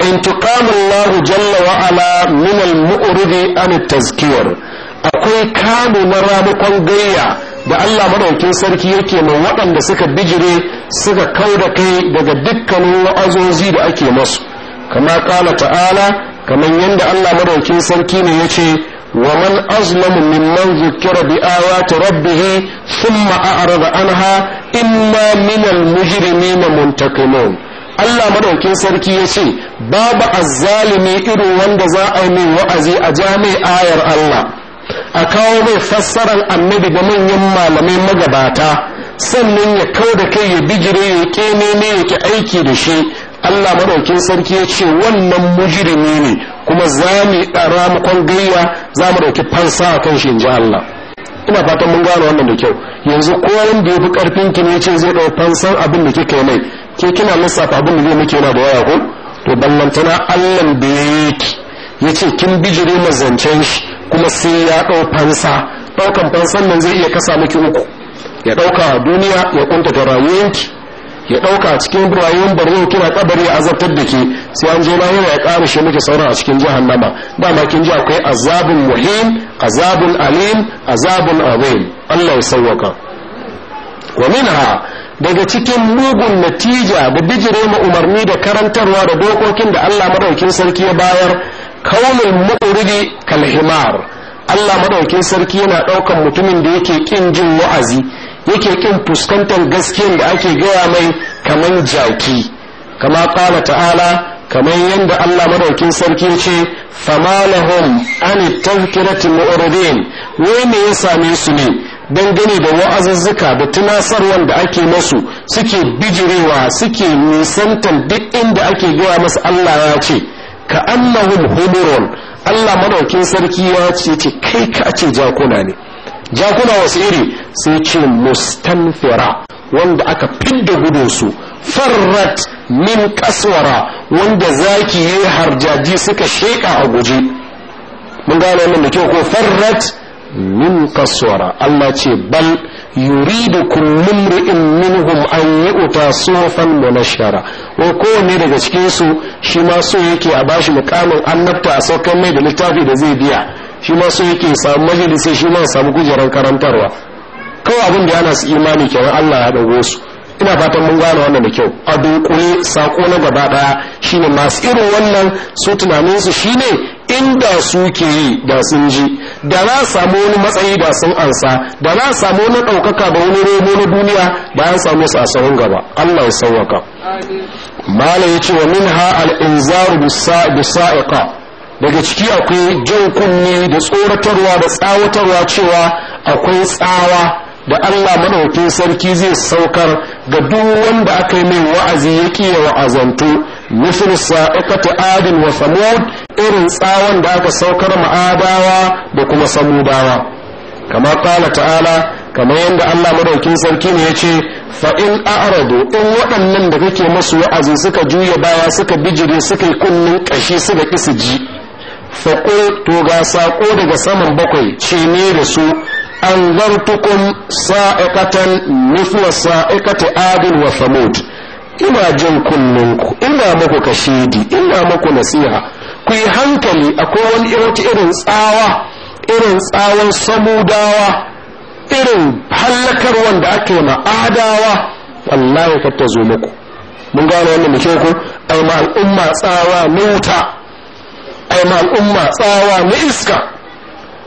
انتقام الله جل وعلا من المؤرد an التذكير akwai kamu na ramukan gayya da Allah madaukin sarki yake ma waɗanda suka bijire suka kau da kai daga dukkanin wa'azozi da ake masu kama kala ta'ala kamar yadda Allah madaukin sarki ne ya ce wa man azlamu mimman zukira bi ayati rabbih thumma a'rada anha inna al mujrimina muntaqimun Allah madaukin sarki ya ce babu azzalimi irin wanda za a yi wa'azi a jami ayar Allah a kawo mai fassarar annabi da manyan malamai magabata sannan ya kau da kai ya bijire ya kene ne ya ki aiki da shi Allah madaukin sarki ya ce wannan mujirimi ne kuma za mu ɗara mukon gayya za mu ɗauki fansa a kan shi in ji Allah ina fatan mun gano wannan da kyau yanzu ko wanda ya fi ƙarfin ki ne ce zai ɗau fansan abin da kika yi mai ke kina lissafa abin da zai muke yana da waya ko to ballantana Allah da ya yi ya ce kin bijire zancen shi kuma sai ya ɗau fansa ɗaukan fansan nan zai iya kasa miki uku ya ɗauka duniya ya ƙuntata rayuwarki. ya ɗauka cikin birayen barno kina kabari ya azabtar da ke sai an je bayan ya ƙara shi miki sauran a cikin jahannama da kin ji akwai azabun muhim azabun alim azabun azim Allah ya sauwaka wa minha daga cikin mugun natija da bijire ma umarni da karantarwa da dokokin da Allah madaukin sarki ya bayar kaunin mu'ridi kalhimar Allah madaukin sarki yana ɗaukan mutumin da yake kin jin wa'azi yake kin fuskantar gaskiyar da ake gaya mai kaman jaki kama kala ta'ala kamar yadda Allah madaukin sarki ya ce fama lahum an tazkirati mu'ridin wai me ya same su ne dangane da wa'azuzzuka da tunasarwan da ake masu suke bijirewa suke nisantar duk inda ake gaya masu Allah ya ce ka annahum humurun Allah madaukin sarki ya ce kai ka ce jakuna ne jakuna wasu iri sai ce mustanfira wanda aka fidda gudunsu farrat min kaswara wanda zaki yi harjaji suka sheka a guji. mun gane wannan da kyau ko farrat min kaswara Allah ce bal kullum ri'in minhum an yu'ta na munashara wa kowanne daga cikinsu su shi ma so yake a bashi mukamin annabta a saukar mai da littafi da zai biya shi ma so yake samu majalisi shi ma samu kujerar karantarwa kawai abin da yana su imani kenan Allah ya dago su ina fatan mun gane wannan da kyau a dunkule sako na gaba daya shine masu irin wannan su tunanin su shine inda suke yi da sun ji da na samu wani matsayi da sun ansa da na samu wani ɗaukaka da wani romo na duniya bayan samu su a sahun gaba Allah ya sauwaka mala ya ce wa min ha al-inzaru bisa'iqa daga ciki akwai jin kunne da tsoratarwa da tsawatarwa cewa akwai tsawa da Allah madaukin sarki zai saukar ga duk wanda aka yi mai wa'azi ya wa'azantu misal sa'iqatu adin wa samud irin tsawon da aka saukar ma'adawa da kuma samudawa Kamar kala ta'ala kamar yadda Allah madaukin sarki ne ya ce fa in a'radu in waɗannan da kake masu wa'azi suka juya baya suka bijire suka yi kunnen ƙashi suka ƙi ji faƙul to ga saƙo daga saman bakwai ce ne da su an zartukun sa’aƙatan misla sa’aƙata adil wa samud ina jin kullunku ina muku kashidi ina muku nasiha ku yi hankali akwai wani wata irin tsawa irin tsawon samudawa irin hallakar da ake ma'adawa adawa wallahi kar ta zo muku mun gane wannan muke ku ai ma al'umma tsawa na wuta aima al'umma tsawa na iska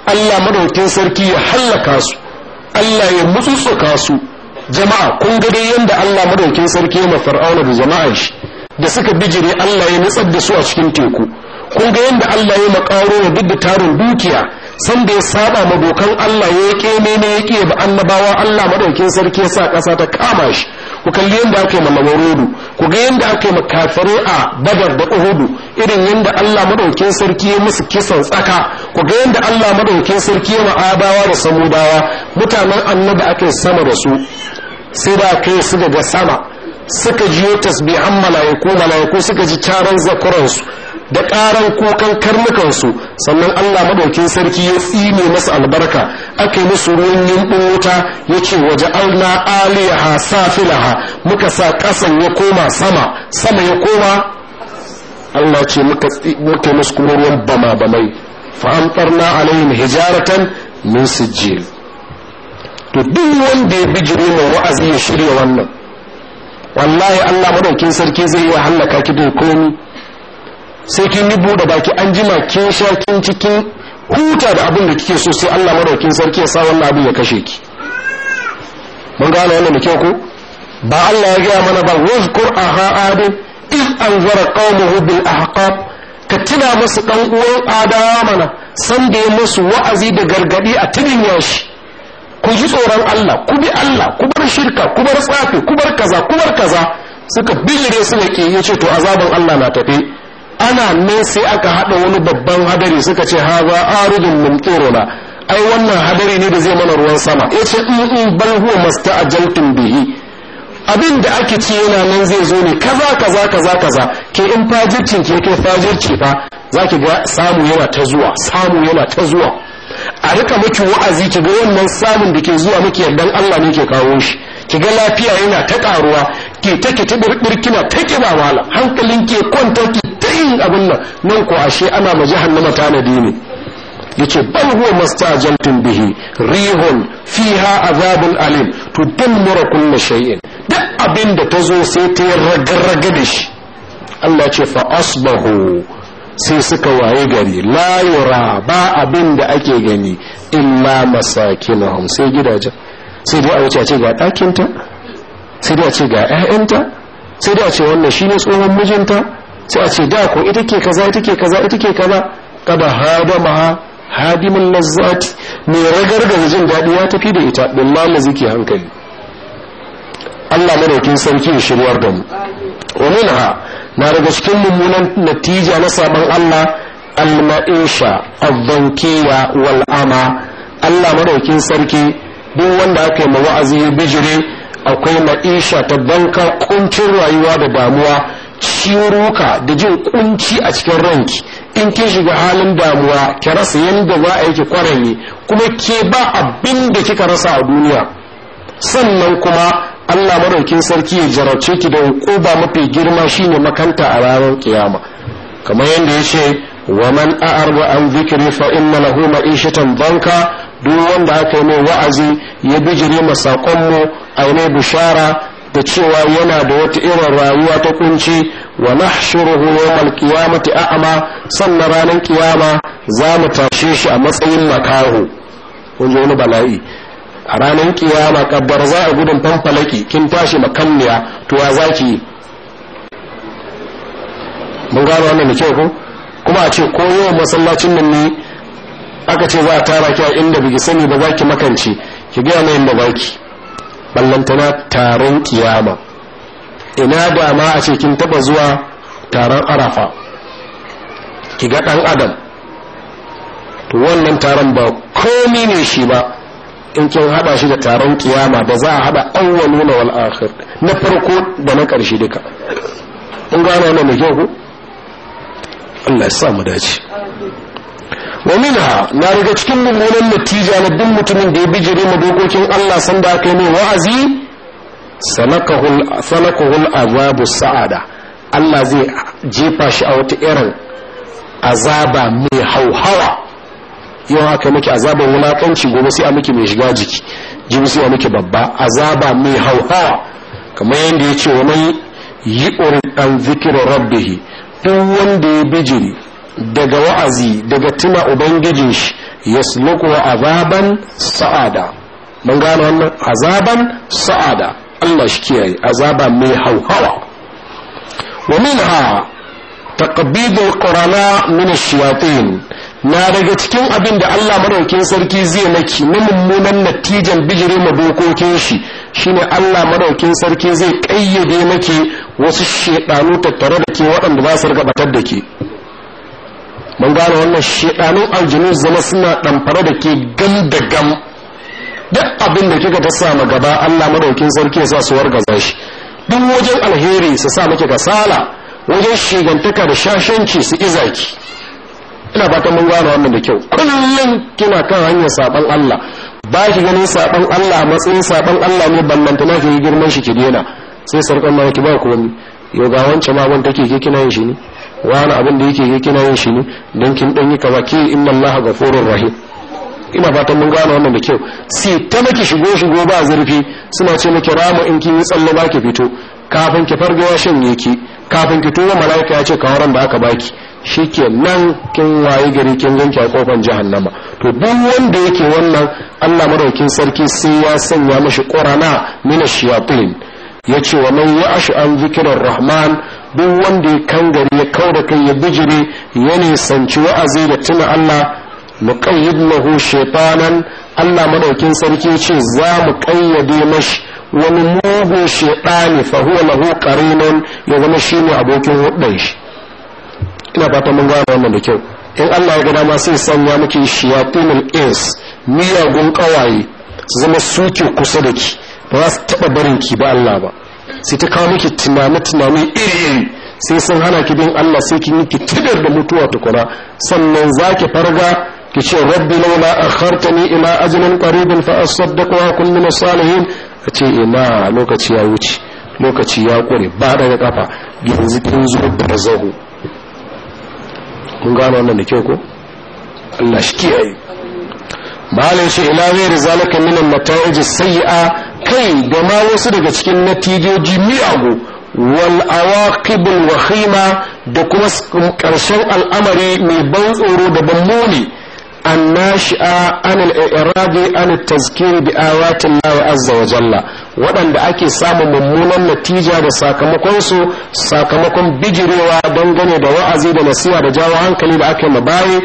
Allah madaukin sarki ya hallaka su Allah ya mutsutsuka su jama'a kun ga dai yadda Allah madaukin sarki ya Far'auna da jama'a shi da suka bijire Allah ya nutsar da su a cikin teku kun ga yadda Allah ya makaro da duk da tarin dukiya san da ya saba mabokan Allah ya ne ya yake ba annabawa Allah madaukin sarki ya sa ƙasa ta kama shi ku kalli yadda aka yi ma lamarodu ku ga yadda aka yi ma a badar da uhudu irin yadda Allah madaukin sarki ya musu kisan tsaka ku ga yadda Allah madaukin sarki ya ma da samudawa mutanen annabi ake sama da su sai da aka yi su daga sama suka jiyo tasbihan mala'iku mala'iku suka ji caran zakuransu da ƙaran kukan karnukansu sannan allah maɗaukin sarki ya tsine masu albarka aka yi musu ruwan yunɓin wuta ya ce waje alna aliyaha safilaha muka sa ƙasan ya koma sama sama ya koma allah ce muka yi musu kuma ruwan bama bamai fa'amtarna alayhim hijaratan min sijil to duk wanda ya bijire mai wa'azi ya shirya wannan wallahi allah madaukin sarki zai yi wa hallaka ki da komi sai kin yi buɗe baki an jima kin sha kin cikin huta da abin da kike so sai Allah madaukin sarki ya sa wannan abin ya kashe ki mun ga wannan da kyau ko ba Allah ya gaya mana ba wazkur aha adin iz anzara qaumuhu bil ahqab ka tuna musu dan uwan adawa mana san da ya musu wa'azi da gargadi a tudin yashi ku ji tsoron Allah ku bi Allah ku bar shirka ku bar tsafi ku bar kaza ku bar kaza suka bijire suka ke yace to azaban Allah na tafe ana nan sai aka haɗa wani babban hadari suka ce haza arudun na ai wannan hadari ne da zai mana ruwan sama ya ce in mm, mm, bal huwa masta'ajaltum bihi abin da ake ce yana nan zai zo ne kaza kaza kaza kaza ke in fajircin ke kai fajirci fa zaki ga samu yana ta zuwa samu yana ta zuwa a rika miki wa'azi ki ga wannan samun da ke zuwa miki yardan Allah ne ke kawo shi ki ga lafiya yana ta karuwa ke ta ke ta birkina ta ba wala hankalin ke kwanta ki yin abin nan nan ko ashe ana ma jahannama tanadi ne yace bal huwa mastajaltum bihi rihun fiha azabun alim tudammuru kullu shay'in duk abin da ta zo sai ta ragarraga da shi Allah ce fa asbahu sai suka waye gari la yura ba abin da ake gani illa masakinahum sai gidajen sai dai a wuce a ce ga ɗakinta sai dai a ce ga 'ya'yanta sai dai a ce wannan shine tsohon mijinta sai a ce da ko ita ke kaza ita ke kaza ita ke kaza kada hadama hadimin lazzati mai ragargaza jin daɗi ya tafi da ita don ma zike hankali Allah madaukin sarki ya shiryar da mu wa minha na daga cikin mummunan natija na sabon Allah al-ma'isha ad-dankiya wal ama Allah madaukin sarki duk wanda aka yi ma wa'azi bijire akwai ma'isha ta bankar kuncin rayuwa da damuwa ciro ka da jin kunci a cikin ranki in kin shiga halin damuwa ki rasa yadda za a yi ki ne kuma ke ba abin da kika rasa a duniya sannan kuma Allah maraukin sarki ya jarabce ki da hukuba mafi girma shine makanta a ranar kiyama kamar yadda ya ce wa man a'arba an zikiri fa inna lahu ma'ishatan banka duk wanda aka yi mai wa'azi ya bijire masakon mu a bishara da cewa yana da wata irin rayuwa ta kunci wa nahshuruhu yawmal qiyamati a'ma sannan ranar kiyama za mu tashe shi a matsayin makaho kun ji wani bala'i a ranar kiyama kabbar za a gudun fanfalaki kin tashi makanniya to ya zaki mun gano wannan da kyau ko kuma a ce ko yawan masallacin nan ne aka ce za a tara ki a inda biki sani ba za ki makance ki gaya mai inda baki ballantana taron kiyama ina da ma a ce kin taba zuwa taron arafa ki ga dan adam to wannan taron ba komi ne shi ba in kin hada shi da taron kiyama da za a hada na wal akhir na farko da na karshe duka in gano wannan ne ku Allah ya sa mu dace wa ha na riga cikin mummunan natija na duk mutumin da ya bijire ma dokokin Allah san da aka yi mai wa'azi sanakahul azabu sa'ada Allah zai jefa shi a wata irin azaba mai hauhawa yau aka miki azaban wulakanci gobe sai a miki mai shiga jiki jibi sai a miki babba azaba mai hauhawa kamar yadda ya ce wa mai yi an zikirar rabbihi duk wanda ya bijiri daga wa'azi daga tuna ubangijin shi ya wa azaban sa'ada mun gano wannan azaban sa'ada Allah shi kiyaye azaba mai hauhawa wa ha ta qurana ƙorana mini shayatin na daga cikin abin da Allah madaukin sarki zai maki na mummunan natijan bijire ma dokokin shi shine Allah maɗaukin sarki zai ƙayyade maki wasu shedanu tattare da ke waɗanda za su riga da ke mun gane wannan shedanun aljinu zama suna ɗanfara da ke gam da gam duk abin da kika ta sa gaba Allah madaukin sarki ya sa su wargaza shi duk wajen alheri su sa miki kasala wajen shigantaka da shashanci su izaki ina ta mun gane wannan da kyau kullum kina kan hanyar saban Allah ba ki ganin saban Allah a matsayin saban Allah ne ballanta na ki girman shi ki daina sai sarkan ma ki ba komai yau ga wancan ma ban take ke kina yin shi ne wani abin da yake kina yin shi ne don kin dan yi kaza ke inna ga ghafurur rahim ina fatan mun gane wannan da kyau sai ta maki shigo shigo ba zurfi suna ce miki rama in kin yi tsalle ba ki fito kafin ki farga ya shanye ki kafin ki tura mala'ika ya ce kawaran da aka baki shike nan kin waye gari kin ganki a kofar jahannama to duk wanda yake wannan Allah madaukin sarki sai ya sanya mashi qurana min ash-shayatin yace wa man ya'shu an zikrar rahman duk wanda ya kangare ya kau da kai ya bijire ya nisanci wa'azi da tuna Allah mu kayyid lahu shaytanan Allah madaukin sarki ce za mu kayyade mashi wani mugu shaytani fa huwa lahu qarinan ya zama shine abokin hudan shi ina fata mun gane wannan da kyau in Allah ya ga dama sai sanya miki shayatinul ins miyagun kawaye su zama suke kusa da ki ba za su taba barin ki ba Allah ba sai ta kawo miki tunani tunani iri-iri sai sun hana ki bin Allah sai kin yi tidar da mutuwa tukuna sannan za ki farga ki ce rabbi laula akhartani ila ajalin qaribin fa asaddaqa wa kun min salihin a ce ina eh, lokaci ya wuce lokaci ya kure ba daga kafa yanzu kin zo da zahu mun gano wannan da kyau ko Allah shi kiyaye malin shi ila ghairi rizalaka minin al sayi'a kai da ma wasu daga cikin natijoji miyagu wal awaqibul wahima da kuma karshen al'amari mai ban tsoro da ban muni annashi'a anil iradi an tazkiri bi ayatin Allah azza wa jalla waɗanda ake samun mummunan natija da sakamakon sakamakon bijirewa dangane da wa'azi da nasiha da jawo hankali da ake mabaye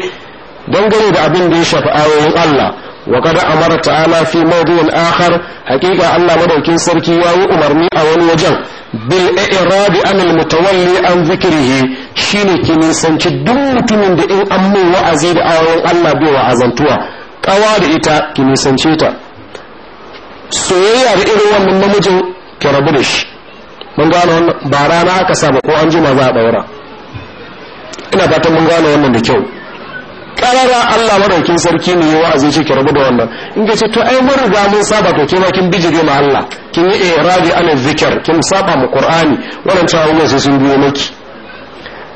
dangane da abin da ya shafi ayoyin Allah wa kada amara ta'ala fi mawdu'in akhar haqiqa Allah madaukin sarki yayi umarni a wani wajen bil i'rab an al mutawalli an zikrihi shine ki nisanci duk mutumin da in an mun wa'azi a ayoyin Allah bai wa'azantuwa kawa da ita ki nisance ta soyayya da irin wannan namijin ki rabu mun gane wannan ba rana aka sa ko an za a daura ina fatan mun gane wannan da kyau karara Allah madaukin sarki ne yawa zai ce ki rabu da wannan in ga ce to ai mun riga mun saba to ke ma kin bijire ma Allah kin yi iradi ala zikir kin saba mu Qur'ani wannan cewa ne sai sun biyo miki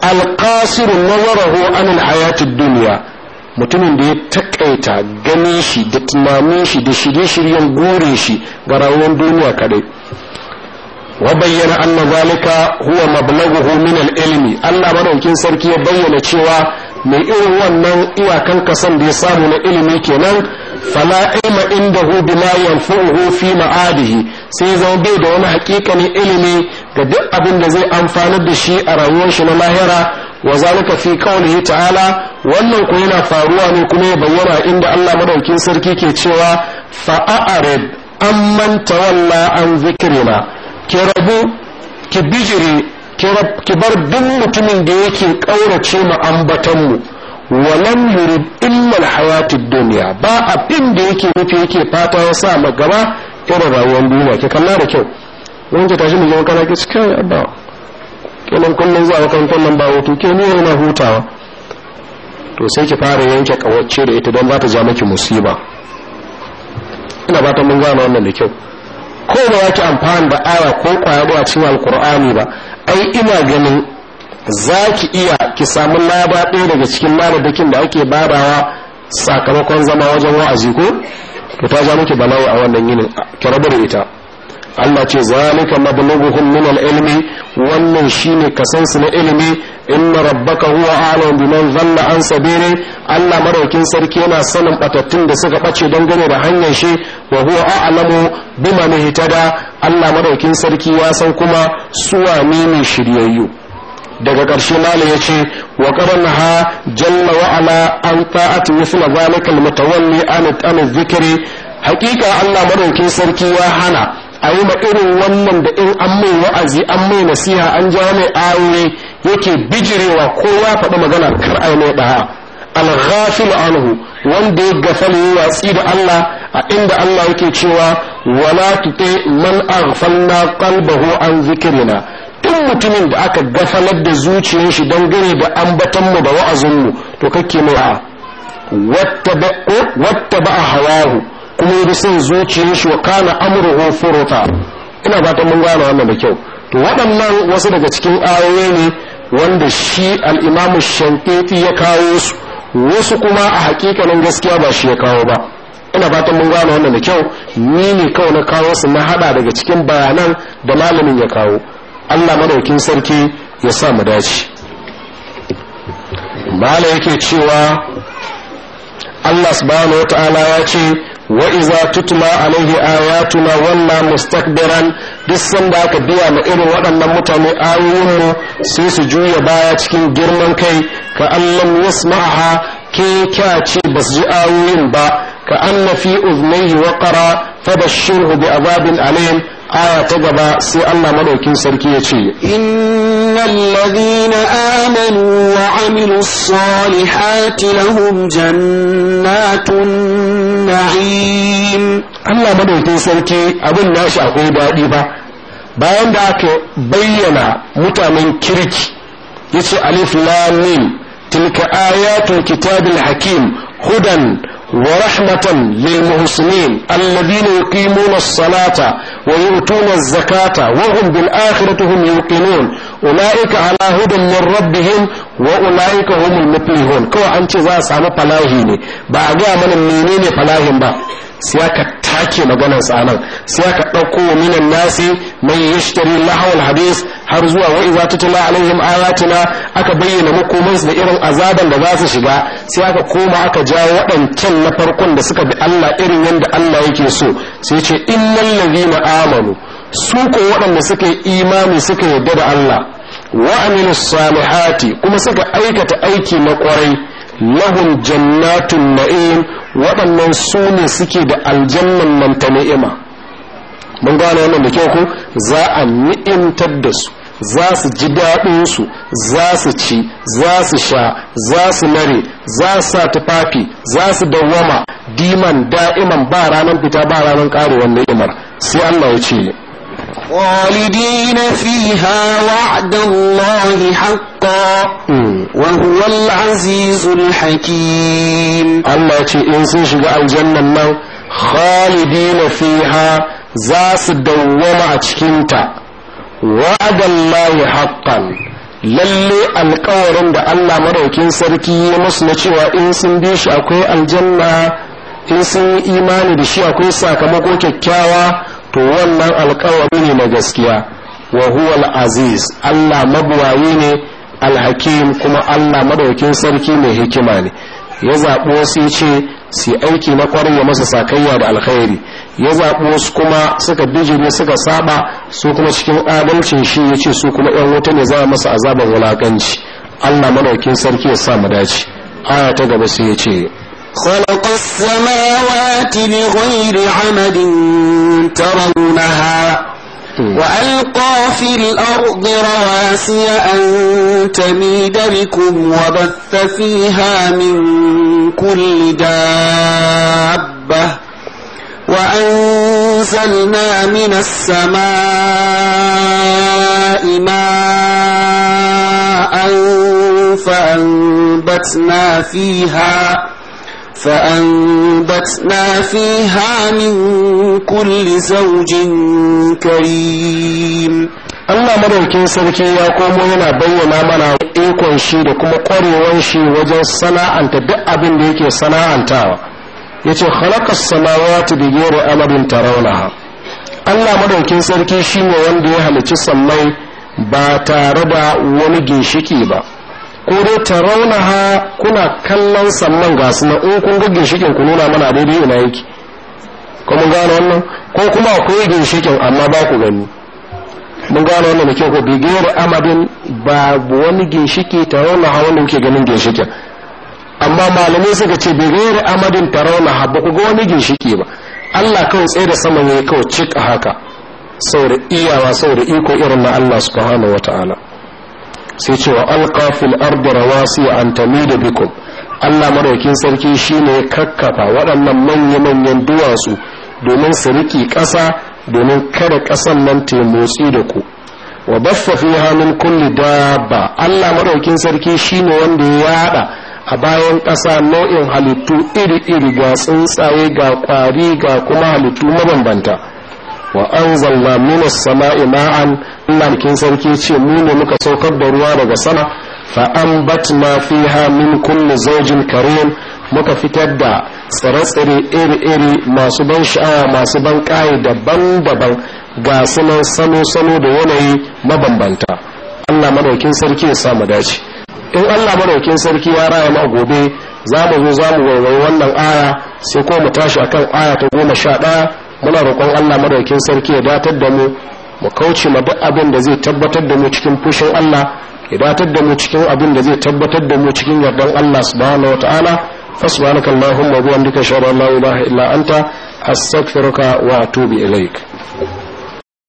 alqasir nazarahu an ad dunya mutumin da ya takaita ganin shi da tunanin shi da shirye-shiryen gore shi ga rayuwar duniya kadai وبين أن ذلك هو مبلغه من allah madaukin sarki ya bayyana cewa mai irin wannan iyakan kasan da ya samu na ilimi kenan fala ilma indahu bima yanfa'uhu fi ma'adihi sai zama bai da wani hakikanin ilimi ga duk abin da zai amfanar da shi a rayuwar shi na lahira wa zalika fi qawlihi ta'ala wannan ko yana faruwa ne kuma ya bayyana inda Allah madaukin sarki ke cewa fa'arid amman tawalla an zikrina ki rabu ki bijiri ki bar duk mutumin da yake ƙaurace mu ambatanmu walam yurid illa alhayatid dunya ba abin da yake nufi yake fata ya sa ma gaba irin rayuwar duniya ki kalla da kyau wani ta tashi mu zama kana ki cikin abba kenan kullun zuwa kan kullun ba wato ke ne yana hutawa to sai ki fara yanke kawacce da ita don ba ta ja miki musiba ina ba ta mun gane wannan da kyau ko ba za ki amfana da aya ko kwaya a cikin alkur'ani ba ai ina ganin za ki iya ki samu laba daga cikin labadakin da ake babawa sakamakon zama wajen wa'azi ko to ta ja muke bala'i a wannan yinin ki rabu da ita Allah ce zalika mablughuhum min al-ilmi wannan shine kasan su na ilimi inna rabbaka huwa a'lamu biman dhalla an sabili Allah maraukin sarki yana sanin batattun da suka bace dangane da hanyar shi wa huwa a'lamu biman hitada Allah maraukin sarki ya san kuma suwa ne shiryayyu daga ƙarshe malam ya ce wa qarnaha jalla wa ala an ta'at misla zalika al-mutawalli an an dhikri hakika Allah maraukin sarki ya hana a yi ma irin wannan da in an mai wa'azi an mai nasiha an ja mai aure yake bijirewa ko ya faɗi magana kar a yi mai ɗaya alghafil anhu wanda ya gafale yi watsi da Allah a inda Allah yake cewa wala tute man aghfalna qalbahu an zikrina duk mutumin da aka gafalar da zuciyar shi dangane da ambaton mu da wa'azin mu to kake mai a wattaba hawahu kuma yi bi son zuciyar shi wa kana furuta ina fatan mun gane wannan da kyau to waɗannan wasu daga cikin ayoyi ne wanda shi al-imamu ya kawo su wasu kuma a hakikanin gaskiya ba shi ya kawo ba ina fatan mun gane wannan da kyau ni ne kawai na kawo su na hada daga cikin bayanan da malamin ya kawo Allah madaukin sarki ya sa mu dace mala yake cewa Allah subhanahu ta'ala ya ce وإذا tutma عليه آياتنا ولا مستكبرا duk sanda aka biya ma irin waɗannan mutane ayoyinmu sai su juya baya cikin girman kai ka allam yasma'aha ke kya ce ba su ji ayoyin ba ka anna fi uznaihi waqara fabashshirhu bi azabin alim aya ta gaba sai Allah madaukin sarki ya ce innal ladhina amanu wa amilus salihati lahum jannatun na'im Allah madaukin sarki abin nashi akwai daɗi ba bayan da aka bayyana mutanen kirki yace alif lam mim tilka ayatu kitabil hakim hudan ورحمة للمحسنين الذين يقيمون الصلاة ويؤتون الزكاة وهم بالآخرة هم يوقنون أولئك على هدى من ربهم وأولئك هم المفلحون كو أنت ذا سامة فلاهيني بأجا من المينين فلاهين با sai aka take maganar tsanan sai aka ɗauko wa minan nasi mai yashtari lahawal hadis har zuwa wa iza tutula alaihim ayatina aka bayyana makomansu da irin azaban da za su shiga sai aka koma aka jawo waɗancan na farkon da suka bi Allah irin yadda Allah yake so sai ce innal ladina amanu su ko waɗanda suka yi imani suka yarda da Allah wa amilus salihati kuma suka aikata aiki na kwarai lahum jannatun na'im waɗannan su ne suke da aljannan nan ta ni'ima mun gane wannan da kyau ko za a ni'imtar da su za su ji daɗinsu za su ci za su sha za su nare za su sa tufafi za su dawwama diman da'iman ba ranar fita ba ranar ƙarewar ni'imar sai allah ya ce خالدين فيها وعد الله حقا وهو العزيز الحكيم الله ce in sun shiga aljannan nan khalidina fiha za su dawwama a cikinta wa'adallahi haqqan lalle alkawarin da Allah maraukin sarki ya musu na cewa in sun bi shi akwai aljanna in sun yi imani da shi akwai sakamako kyakkyawa to wannan alkawari ne na gaskiya wa huwa aziz Allah mabuwayi ne al hakim kuma Allah madaukin sarki mai hikima ne ya zabo su ce su aiki na kwarin ya masa sakayya da alkhairi ya zabo su kuma suka bijire suka saba su kuma cikin adalcin shi ya ce su kuma yan wuta ne za masa azabar wulakanci Allah madaukin sarki ya sa mu dace aya ta gaba sai ya ce خلق السماوات بغير عمد ترونها وألقى في الأرض رواسي أن تميد بكم وبث فيها من كل دابة وأنزلنا من السماء ماء فأنبتنا فيها فأنبتنا فيها من كل زوج كريم Allah madaukin sarki ya komo yana bayyana mana ikon shi da kuma ƙwarewar shi wajen sana'anta duk abin da yake sana'antawa yace khalaqas samawati bi ghairi amadin tarawnaha Allah madaukin sarki shi ne wanda ya halicci sammai ba tare da wani ginshiki ba ko dai ta raunaha kuna kallon sannan ga suna in kun ga ginshikin ku nuna mana daidai ina yake ko mun gano wannan ko kuma akwai ginshikin amma ba ku gani mun gano wannan da kyau ko bigiyar amadin ba wani ginshiki ta raunaha wanda kuke ganin ginshikin amma malamai suka ce bigiyar amadin ta raunaha ba ku ga wani ginshiki ba Allah kawai tsaye da sama ne kawai cika haka saboda iyawa saboda iko irin na Allah subhanahu ta'ala. sai cewa alqafil ardi rawasi an tamida bikum Allah madaukin sarki shine ya kakkafa waɗannan manya-manyan duwatsu domin su riki ƙasa domin kada ƙasan nan ta motsi da ku wa baffa fiha min kulli dabba Allah madaukin sarki shine wanda ya yada a bayan ƙasa nau'in halittu iri-iri ga tsuntsaye ga ƙwari ga kuma halittu mabambanta wa anzalna minas sama'i ma'an Allah kin sarki ce mu ne muka saukar da ruwa daga sama fa anbatna fiha min kulli zawjin karim muka fitar da tsire-tsire iri-iri masu ban sha'awa masu ban ƙaye daban-daban ga sunan salo-salo da yanayi mabambanta Allah madaukin sarki ya samu dace in Allah madaukin sarki ya raya ma gobe za mu zo za mu wannan aya sai ko mu tashi akan aya ta goma sha ɗaya muna roƙon Allah madaukin sarki ya datar da mu mu kauce ma duk abin da zai tabbatar da mu cikin fushin Allah ya datar da mu cikin abin da zai tabbatar da mu cikin yardan Allah subhanahu wataala fasubhanaka allahumma wa bihamdika ashhadu la ilaha illa anta astaghfiruka wa atubu ilaik